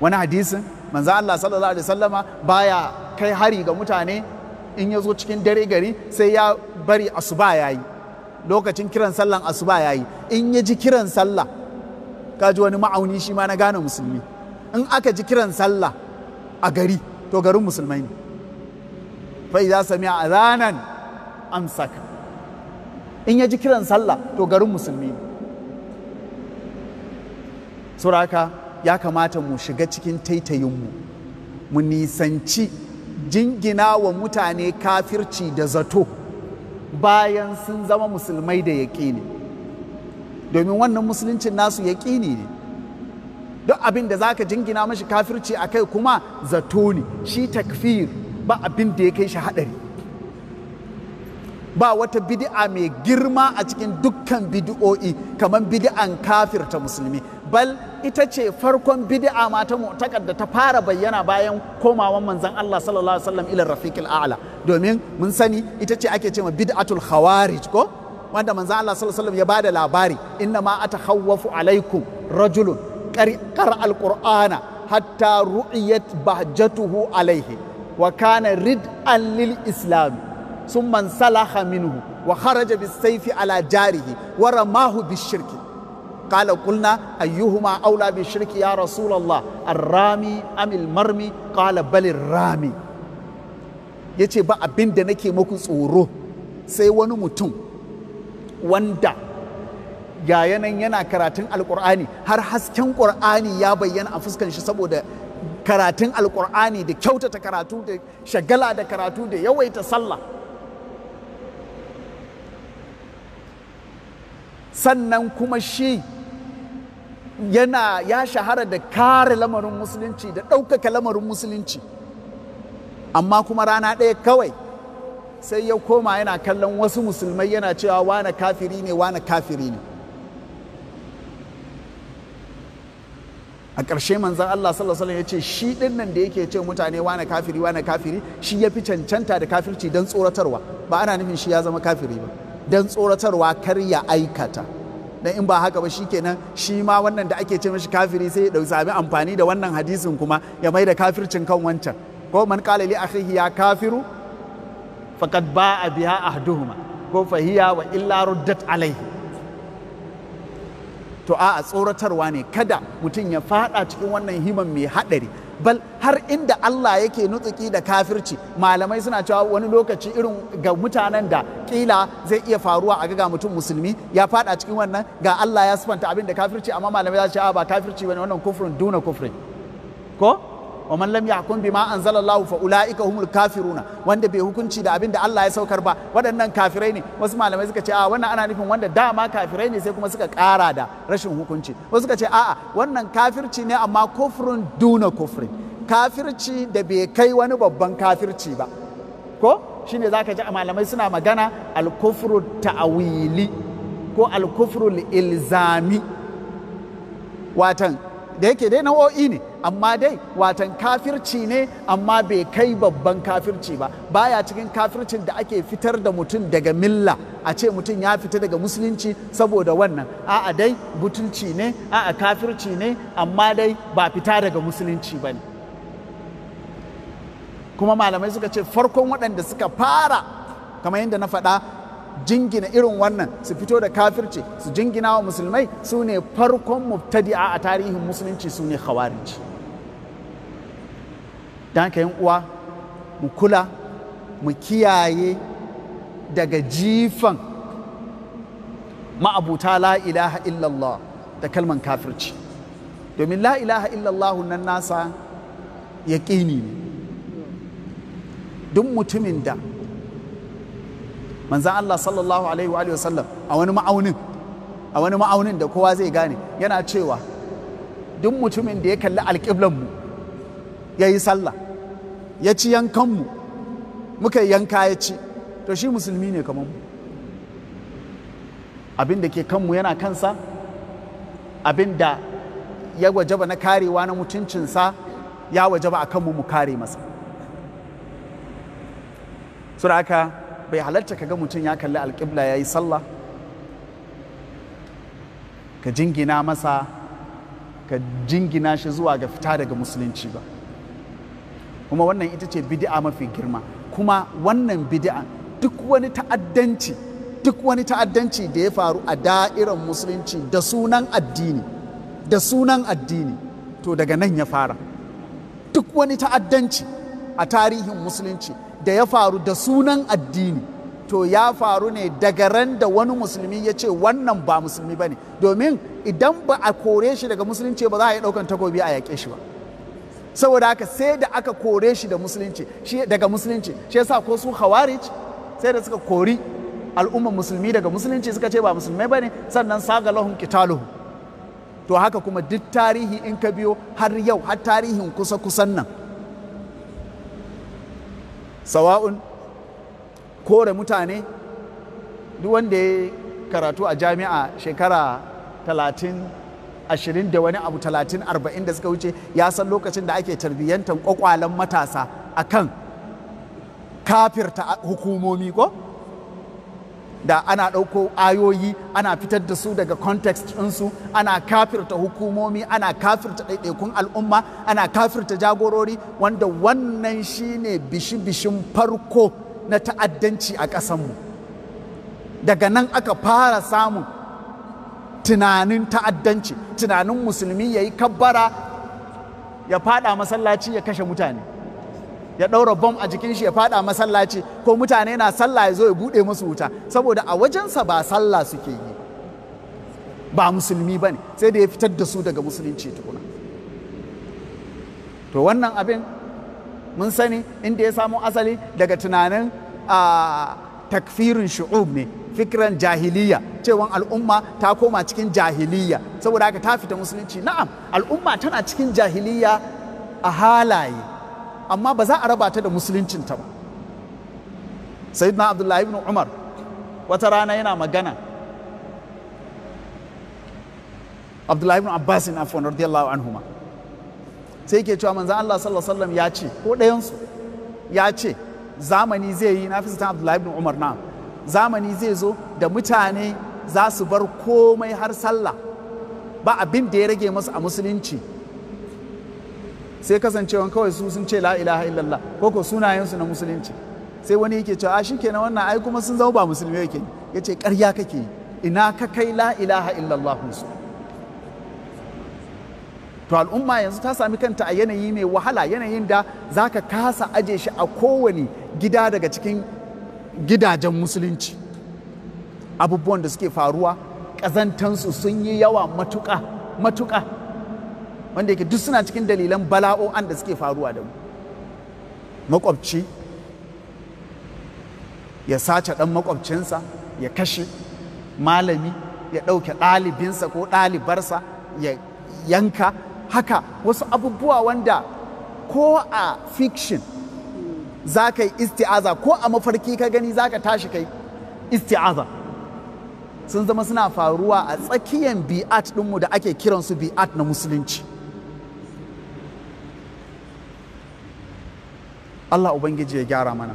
wani hadisin manzo Allah sallallahu alaihi wasallama baya kai hari ga mutane in ya zo cikin dare gari sai ya bari asuba yayi lokacin kiran sallan asuba yayi in ya ji kiran sallah ka ji wani ma'auni shi ma na gane musulmi in aka ji kiran sallah a gari to garin musulmai ne fa idza a ranan amsaka in ya ji kiran sallah to garin musulmi ne suraka ya kamata mu shiga cikin taitayinmu mu nisanci jingina wa mutane kafirci da zato bayan sun zama musulmai da yaƙini ne domin wannan musuluncin nasu ya yaƙini ne duk abin da zaka jingina mashi kafirci a kai kuma zato ne shi takfir ba abin da ya kai shi haɗari ba wata bidi'a mai girma a cikin dukkan bidi'o'i kamar bid'an kafirta musulmi bal ita ce farkon bidi'a ma ta mu'takar da ta fara bayyana bayan komawan manzan Allah sallallahu alaihi wasallam ila rafiqil a'la domin mun sani ita ce ake ce ma bid'atul khawarij ko wanda manzo Allah sallallahu alaihi ya bada labari inna ma atakhawwafu alaikum rajulun qara alqur'ana hatta ru'iyat bahjatuhu alaihi wa kana rid'an lil islam thumma salaha minhu wa kharaja bis ala jarihi wa ramahu bis shirki قال قلنا أيهما أولى بالشرك يا رسول الله الرامي أم المرمي قال بل الرامي yace ba abin da nake muku tsoro sai wani mutum wanda ya yanayin yana karatun alkur'ani har hasken ƙur'ani ya bayyana a fuskan shi saboda karatun alkur'ani da kyautata karatu da shagala da karatu da yawaita sallah sannan kuma shi yana ya shahara da kare lamarin musulunci da ɗaukaka lamarin musulunci amma kuma rana ɗaya kawai sai ya koma yana kallon wasu musulmai yana cewa wane kafiri ne wane kafiri ne a ƙarshe manzan Allah sallallahu alaihi ya ce shi ɗin nan da yake ce mutane wane kafiri wane kafiri shi ya fi cancanta da kafirci don tsoratarwa ba ana nufin shi ya zama kafiri ba don tsoratarwa kar ya aikata dan in ba haka ba shi kenan shi ma wannan da ake ce mashi kafiri sai ya ɗauki sami amfani da wannan hadisin kuma ya mai da kafircin kan wancan ko man qala li akhihi ya kafiru a biya biya ahduhuma ko fahiya wa illa ruddat alaihi to a tsoratarwa ne kada mutum ya fada cikin wannan himan mai haɗari bal har inda Allah yake nutsuki da kafirci malamai suna cewa wani lokaci irin ga mutanen da kila zai iya faruwa a ga mutum musulmi ya fada cikin wannan ga Allah ya sifanta abin da kafirci amma malamai za su ce ba kafirci bane wannan kufrin duna kufrin ko wa man lam yahkum bima anzalallahu fa ulaika humul kafiruna wanda bai hukunci da abin da Allah ya saukar ba waɗannan kafirai ne wasu malamai suka ce a wannan ana nufin wanda dama kafirai ne sai kuma suka kara da rashin hukunci wasu suka ce a'a wannan kafirci ne amma kufrun duna kufrin kafirci da bai kai wani babban kafirci ba ko shine zaka ji a malamai suna magana al-kufru ta'wili ko al-kufru ilzami watan da yake dai nau'o'i ne amma dai watan kafirci ne amma bai kai babban kafirci ba baya cikin kafircin da ake fitar da mutum daga milla a ce mutum ya fita daga musulunci saboda wannan a'a dai butulci ne a'a kafirci ne amma dai ba fita daga musulunci ba ne kuma malamai suka ce farkon waɗanda suka fara kamar yadda na faɗa jingina irin wannan su fito da kafirci su jingina wa musulmai su ne farkon mubtadi'a a tarihin musulunci su ne khawarici. don haka uwa mu kula mu kiyaye daga jifan ma'abuta la ilaha illallah da kalman kafirci domin la ilaha illallah nan nasa yaƙini ne duk mutumin da manzan Allah sallallahu alaihi wa sallam a wani ma'aunin a wani ma'aunin da kowa zai gane yana cewa duk mutumin da ya kalli alƙiblanmu ya yi sallah ya ci yankanmu muka yanka ya ci to shi musulmi ne kamar mu abin da ke kanmu yana kansa abin da ya wajaba na karewa na mutuncinsa ya wajaba a kanmu mu kare masa su haka bai halarta ka ga mutum ya kalli alƙibla ya yi sallah ka jingina masa ka jingina shi zuwa ga fita daga musulunci ba kuma wannan ita ce bid'a mafi girma kuma wannan bid'a duk wani ta'addanci duk wani ta'addanci da ya faru a da'irar musulunci da sunan addini da sunan addini to daga nan ya fara duk wani ta'addanci a tarihin musulunci da ya faru da sunan addini to ya faru ne daga ran da wani musulmi ya ce wannan ba musulmi ba ne domin idan ba a kore shi daga musulunci ba za a yi ɗaukan takobi a yaƙe shi ba saboda haka sai da aka kore shi da musulunci daga musulunci shi yasa ko su khawarij sai da suka kori al'ummar musulmi daga musulunci suka ce ba musulmai bane sannan saga lahum to haka kuma duk tarihi in ka biyo har yau har tarihin kusa kusan nan sawa'un kore mutane duk wanda ya karatu a jami'a shekara talatin ashirin da wani abu talatin arba'in da suka wuce ya san lokacin da ake tarbiyyantar kwakwalen matasa akan kafirta hukumomi ko da ana ɗauko ayoyi ana fitar da su daga context ɗinsu ana kafirta hukumomi ana kafirta ɗaiɗaikun al'umma ana kafirta jagorori wanda wannan shine bishi-bishin farko na ta'addanci a ƙasanmu daga nan aka fara samun tunanin ta'addanci tunanin musulmi ya yi kabbara ya fada masallaci ya kashe mutane ya ɗaura bom a jikin shi ya fada masallaci ko mutane na sallah ya zo ya buɗe musu wuta saboda a wajensa ba sallah suke yi ba musulmi ba ne sai da ya fitar da su daga musulunci tukuna to wannan abin mun sani inda ya samo asali daga tunanin a ah, takfirin shu'ub ne fikiran jahiliya cewan al'umma ta koma cikin jahiliya saboda haka ta fita musulunci na'am al'umma tana cikin jahiliya a halaye amma ba za a raba ta da ta ba sayyidina abdullahi ibn umar wata rana yana magana abdullahi ibn abbas ibn afwan radiyallahu anhuma sai yake cewa manzon Allah sallallahu alaihi wasallam ya ce ko ɗayansu ya ce zamani zai yi na fi abdullahi ibn umar na'am zamani zai zo da mutane za su bar komai har sallah ba abin da ya rage masu a musulunci sai kasancewan kawai su sun ce la ilaha illallah ko ko sunayensu na musulunci sai wani yake cewa shi kenan wannan ai kuma sun zama ba musulmi yake ya ce karya kake ina ka kai la ilaha illallah su to al'umma yanzu ta sami kanta a yanayi mai wahala yanayin da za ka kasa aje shi a kowane gida daga cikin gidajen musulunci abubuwan da suke faruwa ƙazantansu sun yi yawa matuƙa matuƙa wanda yake duk suna cikin dalilan bala'o da suke faruwa da mu makwabci ya sace ɗan makwabcinsa ya kashe malami ya ɗauke ɗalibinsa ko ɗalibarsa ya yanka haka wasu abubuwa wanda ko a fiction za ka yi isti'aza ko a mafarki ka gani za ka tashi kai isti'aza sun zama suna faruwa a tsakiyan bi'at ɗinmu da ake kiransu bi'at na musulunci Allah Ubangiji ya gyara mana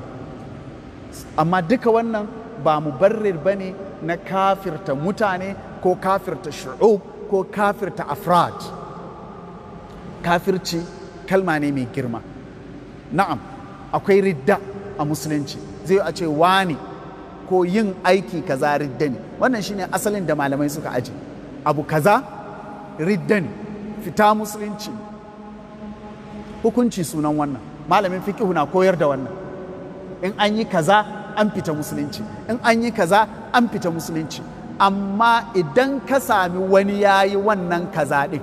amma duka wannan ba mu barrir ba ne na kafirta mutane ko kafirta shu'ub ko kafirta afrad kafirci kalma ne mai girma na'am akwai ridda a musulunci zai a ce wani ko yin aiki kaza ridda ne wannan shine asalin da malamai suka aje abu kaza ridda ne fita musulunci hukunci sunan wannan malamin fiqihu na koyar da wannan in an yi kaza an fita musulunci in an yi kaza an fita musulunci amma idan ka sami wani ya yi wannan kaza ɗin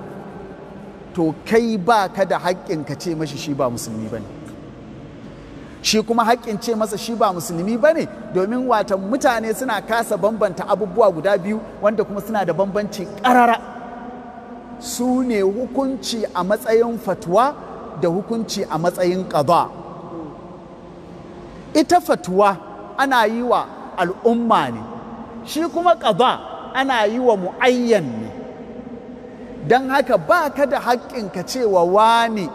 to kai ba ka da haƙƙin ka ce mashi shi ba musulmi ba ne shi kuma haƙƙin ce masa shi ba musulmi ba ne domin wata, mutane suna kasa bambanta abubuwa guda biyu wanda kuma suna da bambanci ƙarara su ne hukunci a matsayin fatuwa da hukunci a matsayin ƙaba ita fatuwa ana yi wa al'umma ne shi kuma ƙaba ana yi wa mu'ayyan ne don haka ba ka da haƙƙin ka cewa wani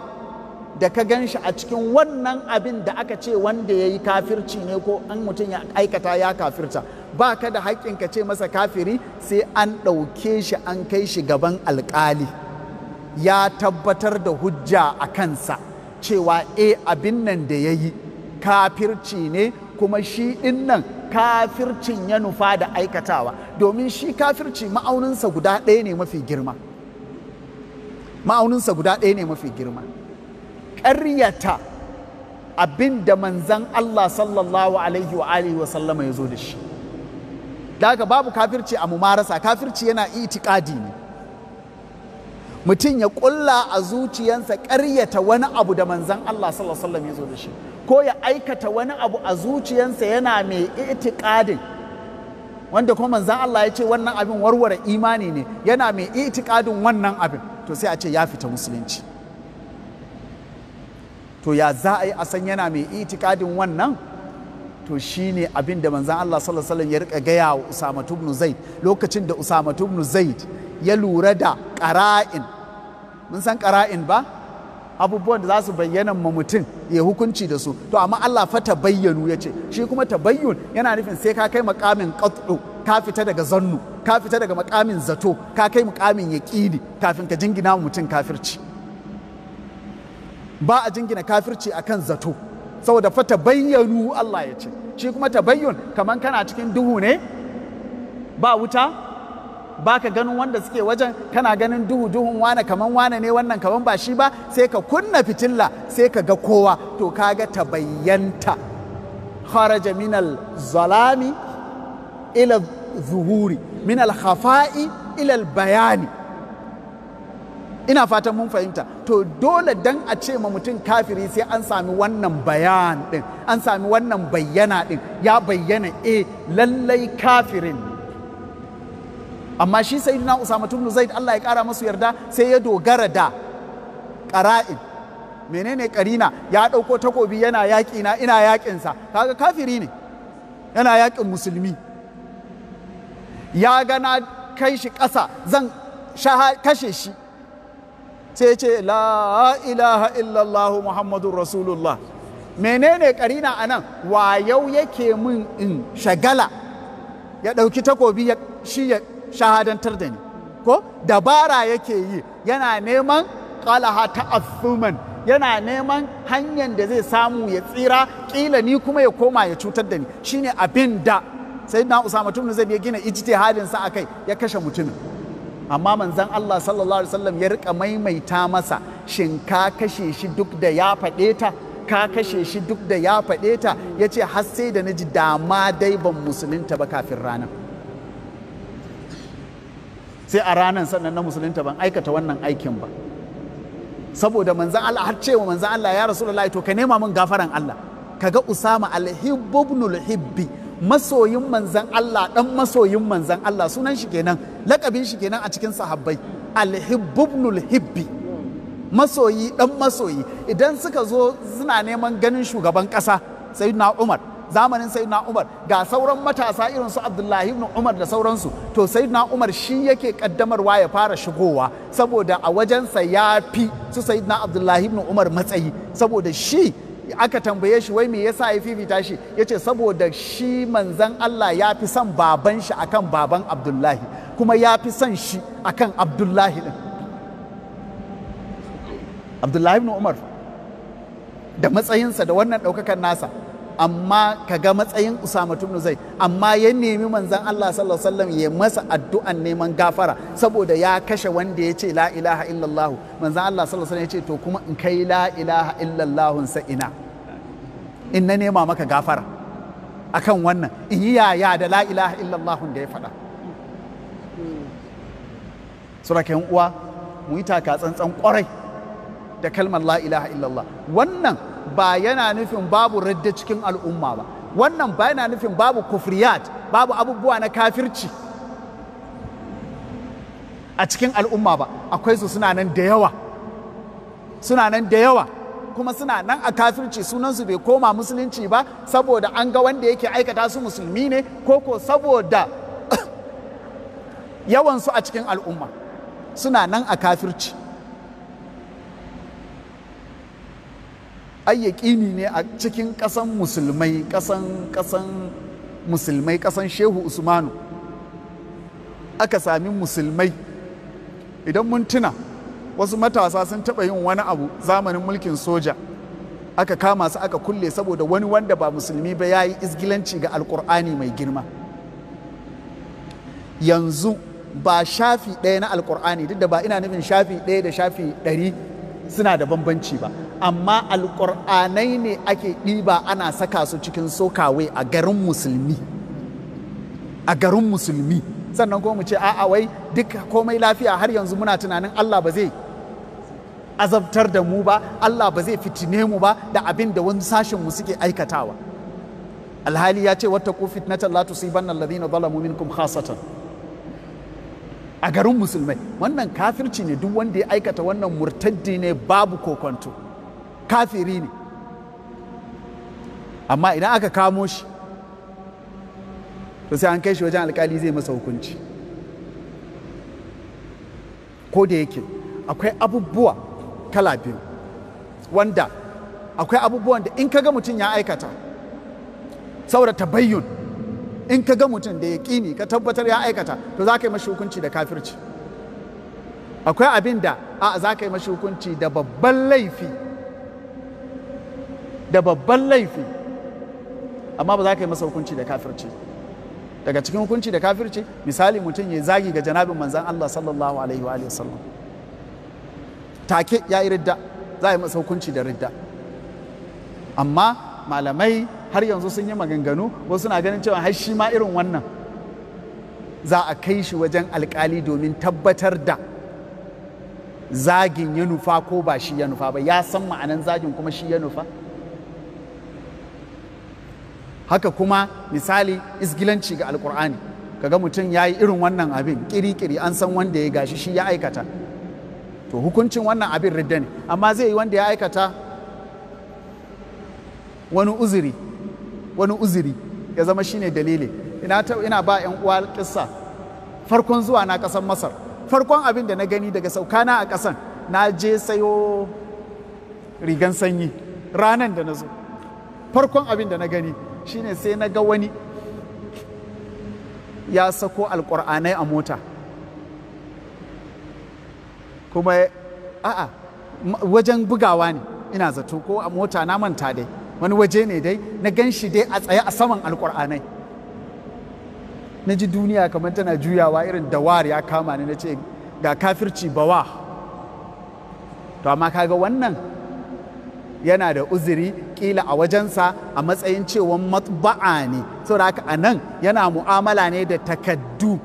da ka gan shi a cikin wannan abin da aka ce wanda ya yi kafirci ne ko an mutum ya aikata ya kafirta ba ka da haƙƙin ka ce masa kafiri sai an ɗauke shi an kai shi gaban alƙali ya tabbatar da hujja a kansa cewa e abin nan da ya yi kafirci ne kuma shi ɗin nan kafircin ya nufa da aikatawa domin shi kafirci ma'auninsa guda ɗaya ne mafi girma ma'auninsa guda ɗaya ne mafi girma ƙaryata abin da manzan Allah sallallahu alaihi wa alihi wa sallama ya zo da shi daga babu kafirci a mumarasa kafirci yana itikadi ne mutum ya ƙulla a zuciyansa ƙaryata wani abu da manzan Allah sallallahu alaihi wa sallam ya zo da shi ko ya aikata wani abu a zuciyansa yana mai itikadin wanda kuma manzan Allah ya ce wannan abin warware imani ne yana mai itikadin wannan abin to sai a ce ya fita musulunci to ya za a yi a san yana mai itikadin wannan to shine abin da manzan Allah sallallahu ya rika gaya wa Usama ibn Zaid lokacin da Usama ibn Zaid ya lura da qara'in mun san qara'in ba abubuwan da za su bayyana ma mutum ya hukunci da su to amma Allah fa ta bayyanu ya ce shi kuma ta tabayyun yana nufin sai ka kai makamin qat'u ka fita daga zannu ka fita daga makamin zato ka kai makamin yaqini kafin ka jingina mutum kafirci ba a jingina kafirci kan zato saboda fa tabayyanu Allah ya ce shi kuma tabayyun kaman kana cikin duhu ne ba wuta ba ka ganin wanda suke wajen kana ganin duhu duhun wane kaman wane ne wannan kamar ba shi ba sai ka kunna fitilla sai ka ga kowa to kaga tabayyanta kharaja minal zalami ila zuhuri minal khafa'i ila bayani ina fatan mun fahimta to dole dan a ce ma mutum kafiri sai an sami wannan bayan din an sami wannan bayyana din ya bayyana e, lallai kafirin amma shi sai na usama tun zai Allah ya kara masu yarda sai ya dogara da qara'in menene karina ya dauko takobi yana yaƙi na ina yaƙin sa kaga kafiri ne yana yaƙin musulmi ya ga na kai shi ƙasa zan kashe shi sai ce la ilaha illallah muhammadun rasulullah menene karina a nan wayau yake min in shagala ya ɗauki takobi ya shi ya shahadantar da ni ko dabara yake yi yana neman ta ta'assuman yana neman hanyar da zai samu ya tsira kila ni kuma ya koma ya cutar da ni shine abin da sayyidina usama tun zai ya gina ijtihadin a kai. ya kashe mutumin amma manzan Allah sallallahu alaihi wasallam ya rika maimaita masa shin ka kashe shi duk da ya faɗe ta ka kashe shi duk da ya faɗe ta ya ce har sai da naji dama dai ban musulunta ba kafin ranar sai a ranar sannan na musulunta ban aikata wannan aikin ba saboda manzan Allah har cewa manzan Allah ya rasu da to ka nema min gafaran Allah ga Usama al-Hibbubnul Hibbi masoyin manzan Allah ɗan masoyin manzan Allah sunan shi kenan lakabin shi kenan a cikin sahabbai alhibbubnul hibbi masoyi ɗan masoyi idan suka zo suna neman ganin shugaban kasa sayyidina Umar zamanin sayyidina Umar ga sauran matasa irin su Abdullahi ibn Umar da sauransu to sayyidina Umar shi yake kaddamarwa ya fara shigowa saboda a wajensa ya fi su sayyidina Abdullahi ibn Umar matsayi saboda shi aka tambaye shi wai me yasa ya fifita shi yace saboda shi manzan Allah ya fi son baban shi akan baban Abdullahi kuma ya fi son shi akan Abdullahi din Abdullahi ibn Umar da matsayinsa da wannan ɗaukakan nasa amma ka ga matsayin Usama ibn Zaid amma ya nemi manzon Allah sallallahu alaihi wasallam ya masa addu'an neman gafara saboda ya kashe wanda ya ce la ilaha illallah manzon Allah sallallahu alaihi wasallam ya ce to kuma in kai la ilaha illallah sa ina in na nema maka gafara akan wannan in yi yaya da la ilaha illallah da ya faɗa Surak'in uwa mu yi taka tsantsan kwarai da kalmar la ilaha illallah wannan ba yana nufin babu radda cikin al'umma ba wannan ba yana nufin babu kufriyat babu abubuwa na kafirci a cikin al'umma ba akwai su suna nan da yawa suna nan da yawa kuma suna nan a kafirci sunansu bai koma musulunci ba saboda an ga wanda yake aikata su musulmi ne ko ko saboda yawansu a cikin al'umma suna nan a kafirci Ayyakini ne a cikin ƙasan musulmai ƙasan ƙasan musulmai ƙasan shehu usmanu aka sami musulmai idan mun tuna wasu matasa sun taɓa yin wani abu zamanin mulkin soja aka kama su aka kulle saboda wani wanda ba musulmi ba ya yi izgilanci ga alkur'ani mai girma yanzu ba shafi ɗaya na alkur'ani duk da ba ina nufin shafi ɗaya da shafi ɗari suna da bambanci ba amma alƙur'anai ne ake ɗiba ana saka su cikin sokawai a garin musulmi a garin musulmi sannan kuma mu ce a'a wai duk komai lafiya har yanzu muna tunanin Allah ba zai azabtar da mu ba Allah ba zai fitine mu ba da abin da wani sashen mu suke aikatawa alhali ya ce wata ku fitnatan la tusiban alladhina zalamu minkum khasatan a garin musulmai wannan kafirci ne duk wanda ya aikata wannan murtaddi ne babu kokonto kafiri ne amma idan aka kamo shi to sai an kai shi wajen alkali zai masa hukunci ko da yake akwai abubuwa kala biyu wanda akwai abubuwan da in kaga mutum ya aikata saboda tabayyun in ka mutum da ya kini ka tabbatar ya aikata to za ka yi mashi hukunci da kafirci akwai abin da a za ka yi mashi hukunci da babban laifi da babban laifi amma ba za ka yi masa hukunci da kafirci daga cikin hukunci da kafirci misali mutum ya zagi ga janabin manzan Allah sallallahu alaihi wa sallam take ya yi ridda za a yi masa hukunci da ridda amma malamai har yanzu sun yi maganganu wasu na ganin cewa har shi ma irin wannan za a kai shi wajen alkali domin tabbatar da zagin ya nufa ko ba shi ya nufa ba ya san ma'anan zagin kuma shi ya nufa haka kuma misali isgilanci ga alkur'ani kaga mutum ya yi irin wannan abin kiri-kiri an san wanda ya gashi shi ya aikata to hukuncin wannan abin ridda ne amma zai yi wanda ya aikata wani uzuri wani uzuri ya zama shine dalili ina ta ina ba yan uwa kissa farkon zuwa na kasan masar farkon abin da na gani daga saukana a kasan na je sayo rigan sanyi ranan da na zo farkon abin da na gani shine sai na ga wani ya sako alƙur'anai a mota kuma a'a wajen bugawa ne ina zato ko a mota na manta dai wani waje ne dai na gan shi dai a tsaye a saman alƙur'anai na ji duniya kamar tana juyawa irin dawar ya kama ni na ce ga kafirci bawa to amma kaga wannan yana da uzuri kila a wajensa a matsayin cewa matba'a ne saboda haka a nan yana mu'amala ne da takaddu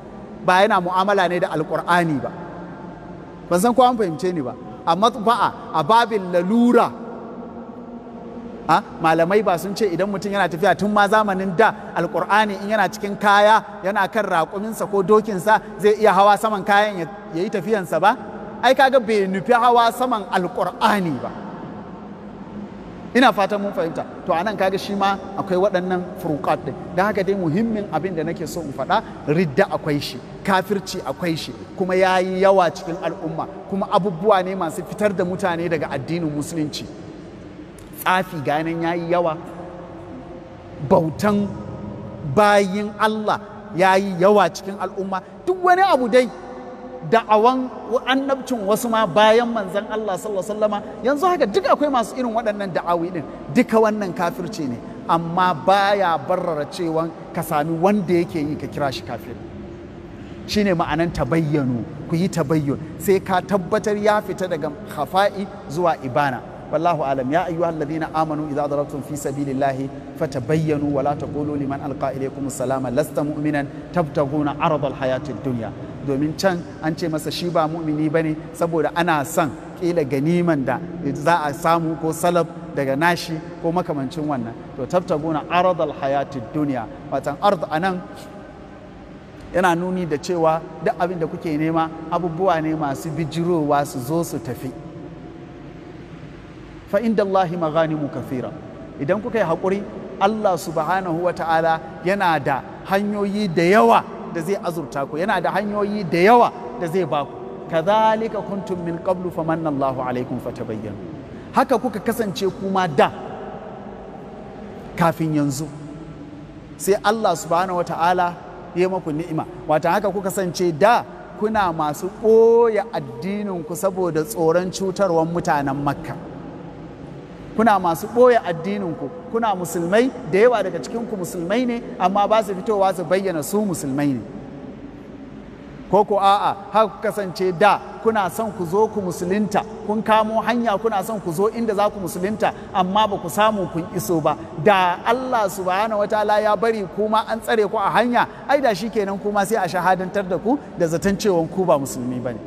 ba yana mu'amala ne da alkur'ani ba ban san ko an fahimce ni ba a matba'a a babin lalura malamai ba sun ce idan mutum yana tafiya tun ma zamanin da alkur'ani in yana cikin kaya yana kan raƙuminsa ko dokinsa zai iya hawa saman kayan ya yi tafiyansa ba ai kaga bai nufi hawa saman alkur'ani ba ina fatan mun fahimta to anan kaga shi ma akwai waɗannan furuqat din dan haka dai muhimmin abin da nake so in faɗa ridda akwai shi kafirci akwai shi kuma yayi yawa cikin al'umma kuma abubuwa ne masu fitar da mutane daga addinin musulunci tsafi ganin yayi yawa bautan bayin Allah yayi yawa cikin al'umma duk wani abu dai da'awan annabcin wasu ma bayan manzan Allah sallallahu alaihi wasallama yanzu haka duk akwai masu irin waɗannan da'awi din duka wannan kafirci ne amma baya barrara cewa ka sami wanda yake yi ka kira shi kafir shine ma'anan tabayyanu ku yi tabayyun sai ka tabbatar ya fita daga khafa'i zuwa ibana wallahu alam ya ayyuhal ladina amanu idza darabtum fi sabilillahi fatabayyanu wala taqulu liman alqa ilaykum assalama lasta mu'minan tabtaguna arada alhayati dunya domin can an ce masa shi ba mumini ba ne saboda ana son kila ganiman da za a samu ko salaf daga nashi ko makamancin wannan to tabtaguna aradal hayatid duniya watan ard anan yana nuni da cewa duk abin da kuke nema abubuwa ne masu bijirowa su zo su tafi fa inda Allahi maganimu kafira idan kuka yi haƙuri Allah subhanahu wa ta'ala yana da hanyoyi da yawa da zai azurta ku yana da hanyoyi da yawa da zai ba ku kazalika kuntum min qablu famanna Allahu alaikum fatabayyanu haka kuka kasance kuma da kafin yanzu sai Allah subhanahu wata'ala ya maku ni'ima wata haka kuka kasance da kuna masu ɓoye addinin ku saboda tsoron cutarwar mutanen makka kuna masu ɓoye addininku kuna musulmai da yawa daga cikinku musulmai ne amma ba su fitowa su bayyana su musulmai ne ko ko a'a har ku kasance da kuna son ku zo ku musulunta kun kamo hanya kuna son ku zo inda za ku musulunta amma ba ku samu kun iso ba da Allah subhanahu wataala ya bari kuma an tsare ku a hanya ai da shi kenan kuma sai a shahadantar da ku da zaton cewa ku ba musulmi bane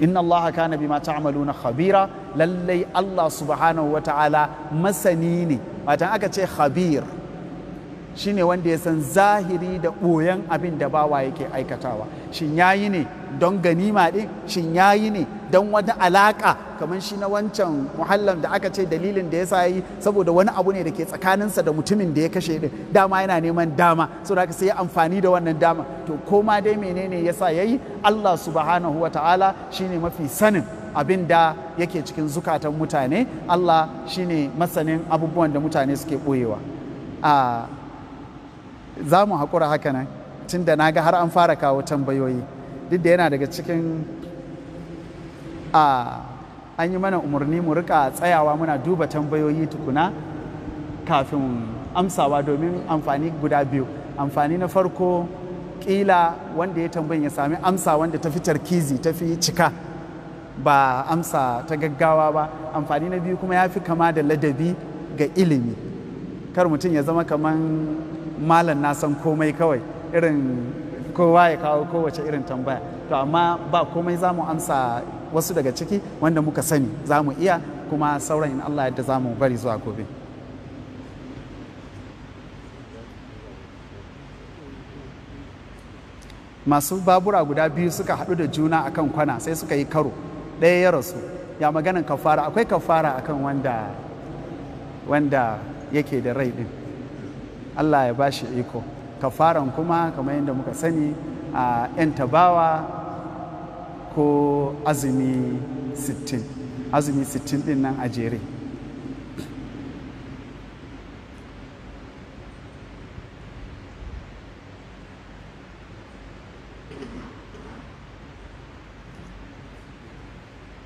inna allaha kana bima ta'maluna khabira lallai Allah subhanahu wa ta'ala masani ne matan aka ce khabir shine wanda ya san zahiri da ɓoyan abin da bawa yake aikatawa shin yayi ne don ganima ɗin shin yayi ne don wani alaƙa kamar shi na wancan muhallam da aka ce dalilin da ya sa yi saboda wani abu ne da ke tsakaninsa da mutumin da ya kashe ɗin dama yana neman dama so da sai ya amfani da wannan dama to koma dai menene ya sa ya yi Allah subhanahu wa ta'ala shine mafi sanin abin da yake cikin zukatan mutane Allah shine masanin abubuwan da mutane suke ɓoyewa za mu haƙura haka nan tun da na ga har an fara kawo tambayoyi duk da yana daga cikin an yi mana umarni mu rika tsayawa muna duba tambayoyi tukuna kafin amsawa domin amfani guda biyu amfani na farko ƙila wanda ya tambayin ya sami amsa wanda ta fi tarkizi ta fi cika ba amsa ta gaggawa ba amfani na biyu kuma ya fi kama da ladabi ga ilimi kar mutum ya zama kamar malam na san komai kawai irin kowa ya kawo kowace irin tambaya to amma ba komai za mu amsa wasu daga ciki wanda muka sani za mu iya kuma sauran in allah yadda za mu bari zuwa gobe masu babura guda biyu suka haɗu da juna akan kwana sai suka yi karo ɗaya ya rasu ya maganan kafara akwai kafara akan wanda wanda yake da rai ɗin? Allah ya bashi iko kafaran kuma kamar yadda muka sani a 'yan tabawa ko azumi 60 azumi 60 ɗin nan a jere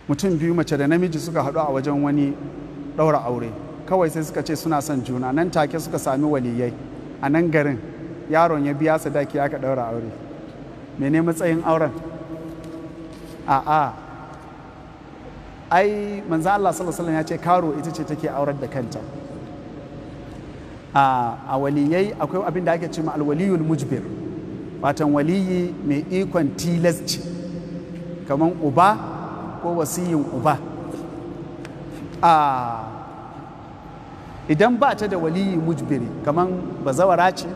mutum biyu mace da namiji suka haɗu a wajen wani ɗaura aure kawai sai suka ce suna son juna nan take suka sami waliyai a nan garin yaron ya biya sadaki aka ɗaura aure mene matsayin auren a'a ai manzo Allah sallallahu alaihi ya ce karo ita ce take aurar da kanta a waliyai akwai abin da ake cewa alwaliyul mujbir watan waliyi mai ikon tilasci kamar uba ko wasiyin uba a idan ba ta da waliyi mujbiri kamar bazawara ce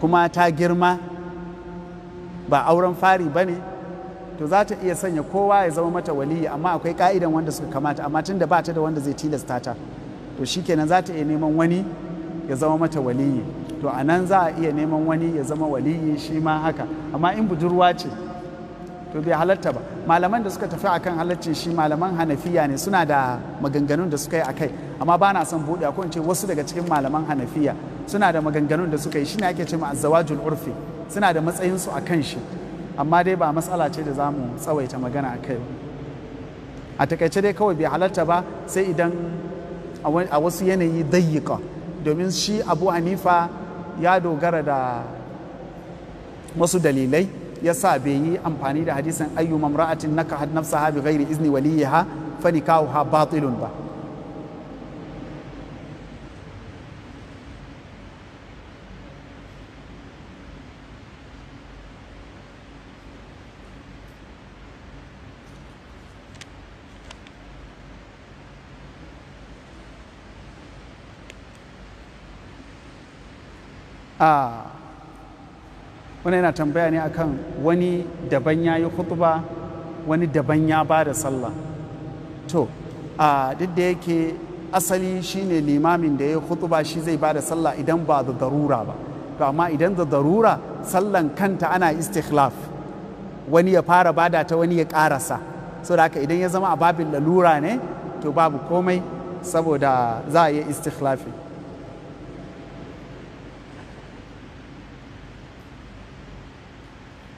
kuma ta girma ba auren fari ba ne to za ta iya sanya kowa ya zama mata waliyi amma akwai ka'idan wanda suka kamata amma tun da ba ta da wanda zai tilasta ta to shikenan za ta iya neman wani ya zama mata waliyi to a nan za a iya neman wani ya zama waliyi shi ma haka amma in budurwa ce to bai halarta ba malaman da suka tafi akan halaccin shi malaman hanafiya ne suna da maganganun da suka yi akai amma ba na son buɗe ko ce wasu daga cikin malaman hanafiya suna da maganganun da suka yi shine ake ce ma azzawajul urfi suna da matsayin su akan shi amma dai ba matsala ce da zamu tsawaita magana akai a takaice dai kawai bai halarta ba sai idan a wasu yanayi dayyika domin shi abu hanifa ya dogara da wasu dalilai yasa bai yi amfani da hadisin ayyu mamra'atin nakahat nafsaha bi ghairi izni waliyiha fa nikahuha batilun ba Ah. Uh. wani yana tambaya ne akan wani daban ya yi hutuba wani daban ya ba da sallah to a duk da yake asali shine limamin da ya yi hutuba shi zai ba da sallah idan ba da darura ba to amma idan da darura sallan kanta ana istikhlaf wani ya fara bada ta wani ya karasa da haka idan ya zama a babin lalura ne to babu komai saboda za a yi istikhlafi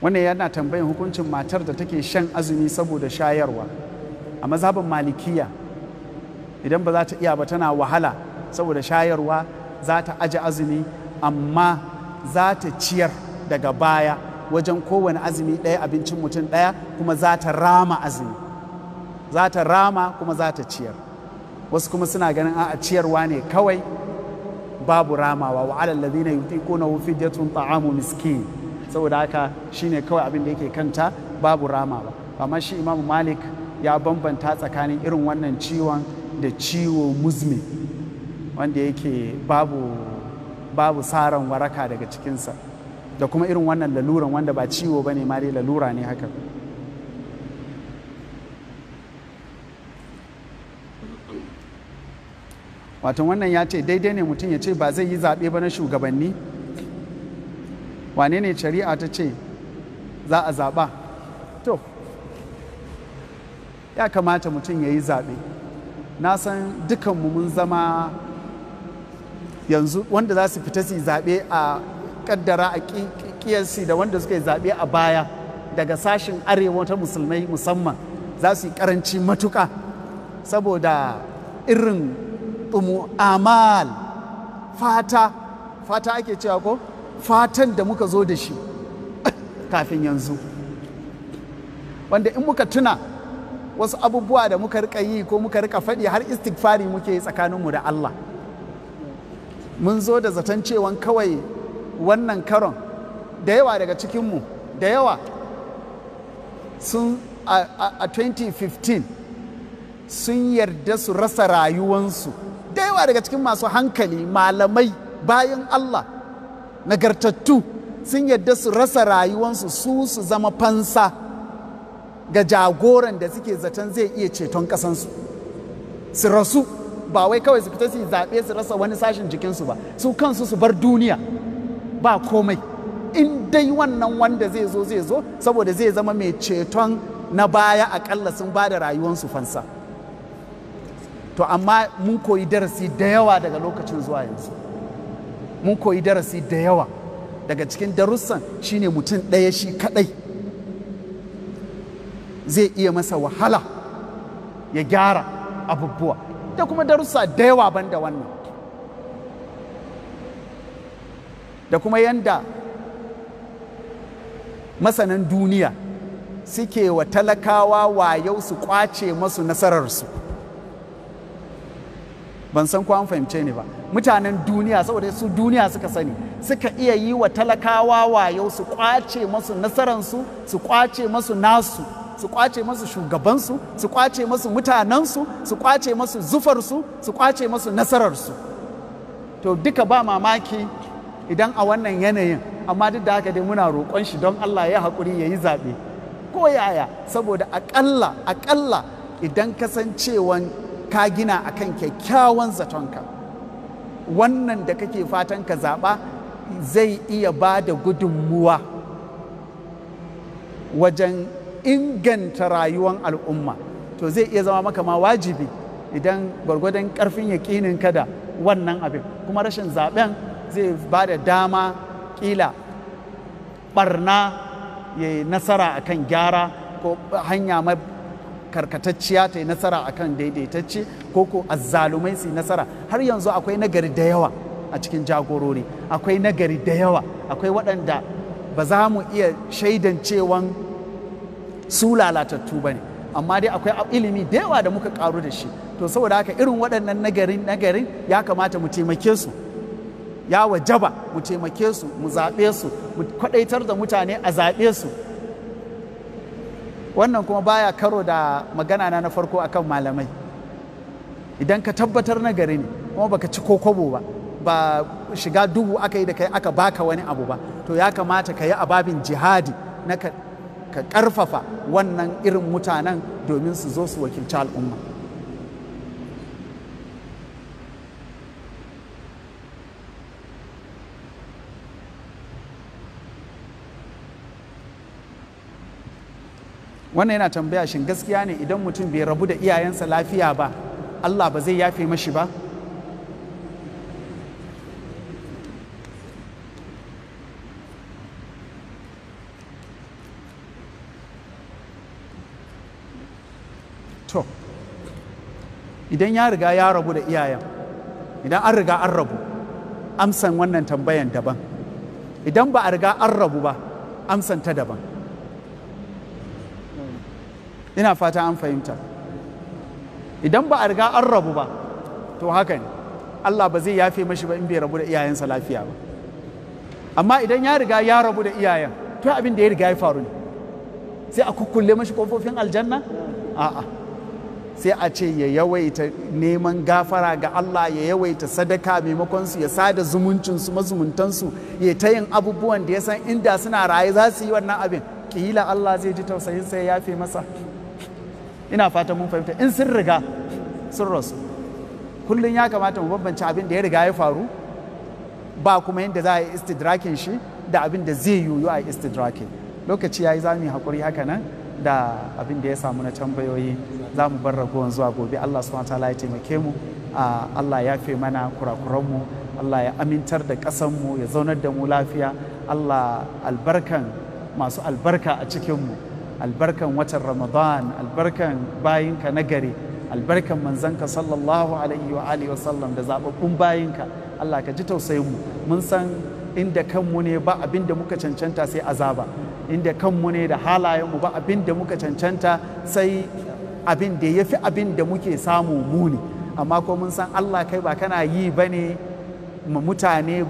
wannan yana tambayin hukuncin matar da take shan azumi saboda shayarwa a mazhabin malikiya idan ba za ta iya ba tana wahala saboda shayarwa za ta aji azumi amma za ta ciyar daga baya wajen kowane azumi ɗaya abincin mutum ɗaya kuma za ta rama azumi za ta rama kuma za ta ciyar wasu kuma suna ganin a ciyarwa ne kawai babu ramawa wa alal ladina yutiquna fi diyyatun ta'amu miskin saboda haka shine kawai abin da yake kanta babu rama ba amma shi imamu malik ya bambanta tsakanin irin wannan ciwon da ciwo muzmi wanda yake babu babu saran waraka daga cikinsa da kuma irin wannan laluran wanda ba ciwo ba ne lalura ne haka wato wannan ya ce daidai ne mutum ya ce ba zai yi zaɓe ba na shugabanni wane ne shari'a ta ce za a zaɓa to ya kamata mutum ya yi zaɓe na san dukanmu mun zama yanzu wanda za su fita su zaɓe a ƙaddara a ƙiyarsi da wanda suka yi zaɓe a baya daga sashen arewa ta musulmai musamman za su yi ƙaranci matuƙa saboda irin tsumu amal fata fata ake cewa ko fatan da muka zo da shi kafin yanzu wanda in muka tuna wasu abubuwa da muka rika yi ko muka rika faɗi har istighfari muke yi tsakaninmu da Allah mun zo da zaton cewan kawai wannan karon da yawa daga cikinmu da yawa sun a, a, a 2015 sun yarda su rasa rayuwansu da yawa daga cikin masu hankali malamai bayan Allah nagartattu sun yadda su rasa rayuwansu su su zama fansa ga jagoran da suke zaton zai iya ceton ƙasansu su rasu ba wai kawai su fita su zaɓe su rasa wani sashen jikinsu ba su kansu su bar duniya ba komai in dai wannan wanda zai zo zai zo saboda zai zama mai ceton na baya aƙalla sun ba da rayuwansu fansa to amma mun koyi darasi da yawa daga lokacin zuwa yanzu mun koyi darasi da yawa daga cikin darussan shine mutum ɗaya shi kaɗai zai iya masa wahala ya gyara abubuwa da kuma darussa da yawa ban da wannan da kuma yanda masanan duniya suke wa talakawa wayo su kwace masu nasararsu ban san ko an fahimce ni ba mutanen duniya saboda su duniya suka sani suka iya yi wa talakawa wayo su kwace masu nasaransu su kwace masu nasu su kwace masu shugabansu su kwace masu mutanensu su kwace masu zufarsu su kwace masu nasararsu to duka ba mamaki idan a wannan yanayin amma duk da haka dai muna roƙon shi don Allah ya haƙuri ya yi zaɓe ko yaya saboda aƙalla aƙalla idan kasancewan ka gina akan kyakkyawan zatonka wannan da kake fatan ka zaɓa zai iya ba da gudunmuwa wajen inganta rayuwar al'umma to zai iya zama maka ma wajibi idan gwargwadon ƙarfin yakinin ka da wannan abin kuma rashin zaɓen zai ba da dama ƙila, ɓarna, ya nasara akan gyara ko hanya karkatacciya ta yi nasara a kan daidaitacce ko ko azzalumai su yi nasara har yanzu akwai nagari da yawa a cikin jagorori akwai nagari da yawa akwai waɗanda ba za mu iya shaidan cewan su lalatattu ba ne amma dai akwai ilimi da yawa da muka karu da shi to saboda haka irin waɗannan nagarin nagarin ya kamata mu taimake su ya wajaba mu taimake su mu zaɓe su mu kwaɗaitar da mutane a zaɓe su wannan kuma baya karo da magana na na farko akan malamai idan ka tabbatar na gari ne kuma baka ci ko kwabo ba ba shiga dubu aka yi da kai aka baka wani abu ba to ya kamata ka yi ababin jihadi na ka karfafa wannan irin mutanen domin su zo su wakilci al'umma wannan yana tambaya shin gaskiya ne idan mutum bai rabu da iyayensa lafiya ba Allah ba zai yafe mashi ba to idan ya riga ya rabu da iyayen idan an riga an rabu amsan wannan tambayan daban idan ba a riga an rabu ba amsan ta daban ina fata an fahimta idan ba a riga an rabu ba to haka ne Allah ba zai yafe mashi ba in bai rabu da iyayensa lafiya ba amma idan ya riga ya rabu da iyayen to abin da ya riga ya faru ne sai a kukkulle mashi kofofin aljanna a'a sai a ce ya yawaita neman gafara ga Allah ya yawaita sadaka maimakon su ya sada zumuncin su mazumuntan su ya ta yin abubuwan da ya san inda suna raye za su yi wannan abin kila Allah zai ji tausayin sai ya yafe masa ina fatan mun fahimta in sun riga sun rasu kullum ya kamata mu bambance abin da ya riga ya faru ba kuma yadda za a yi istidrakin shi da abin da zai yiwu a yi istidrakin lokaci ya yi za mu yi haƙuri haka nan da abin da ya samu na tambayoyi za mu bar ragowar zuwa gobe allah su ta'ala ya taimake mu allah ya fi mana mu allah ya amintar da mu ya zaunar da mu lafiya allah albarkan masu albarka a cikin mu. albarkan watan ramadan albarkan bayinka na gari albarkan manzanka sallallahu alaihi wa alihi wasallam da zababbun bayinka Allah ka ji tausayin mu mun san inda kanmu ne ba abin da muka cancanta sai azaba inda kanmu ne da halayenmu ba abin da muka cancanta sai abin da ya fi abin da muke samu muni amma ko mun san Allah kai ba kana yi ba ne ma mutane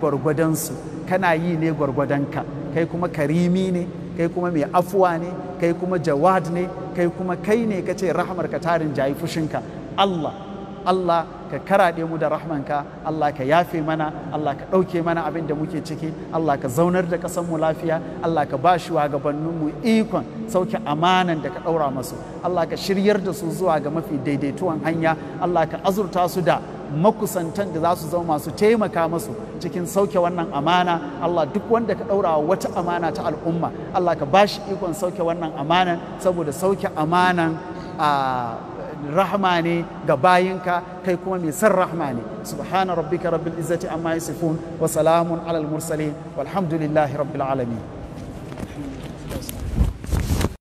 su kana yi ne ka kai kuma karimi ne kai kuma mai afuwa ne kai kuma jawad ne kai kuma kai ne kace rahmar ka tarin jayi fushinka Allah Allah ka karaɗe mu da rahmanka Allah ka yafe mana Allah ka ɗauke mana abin da muke ciki Allah ka zaunar da ƙasar mu lafiya Allah ka ba shi mu ikon sauke amanan da ka ɗaura masu Allah ka shiryar da su zuwa ga mafi daidaituwan hanya Allah ka azurta su da makusantan da za su zama masu taimaka masu cikin sauke wannan amana Allah duk wanda ka ɗaura wata amana ta al'umma Allah ka bashi ikon sauke wannan amanan saboda sauke amanan a ah, rahma ne ga bayinka kai kuma mai san rahma ne subhana rabbika rabbil izzati amma yasifun wa salamun alal mursalin walhamdulillahi rabbil alamin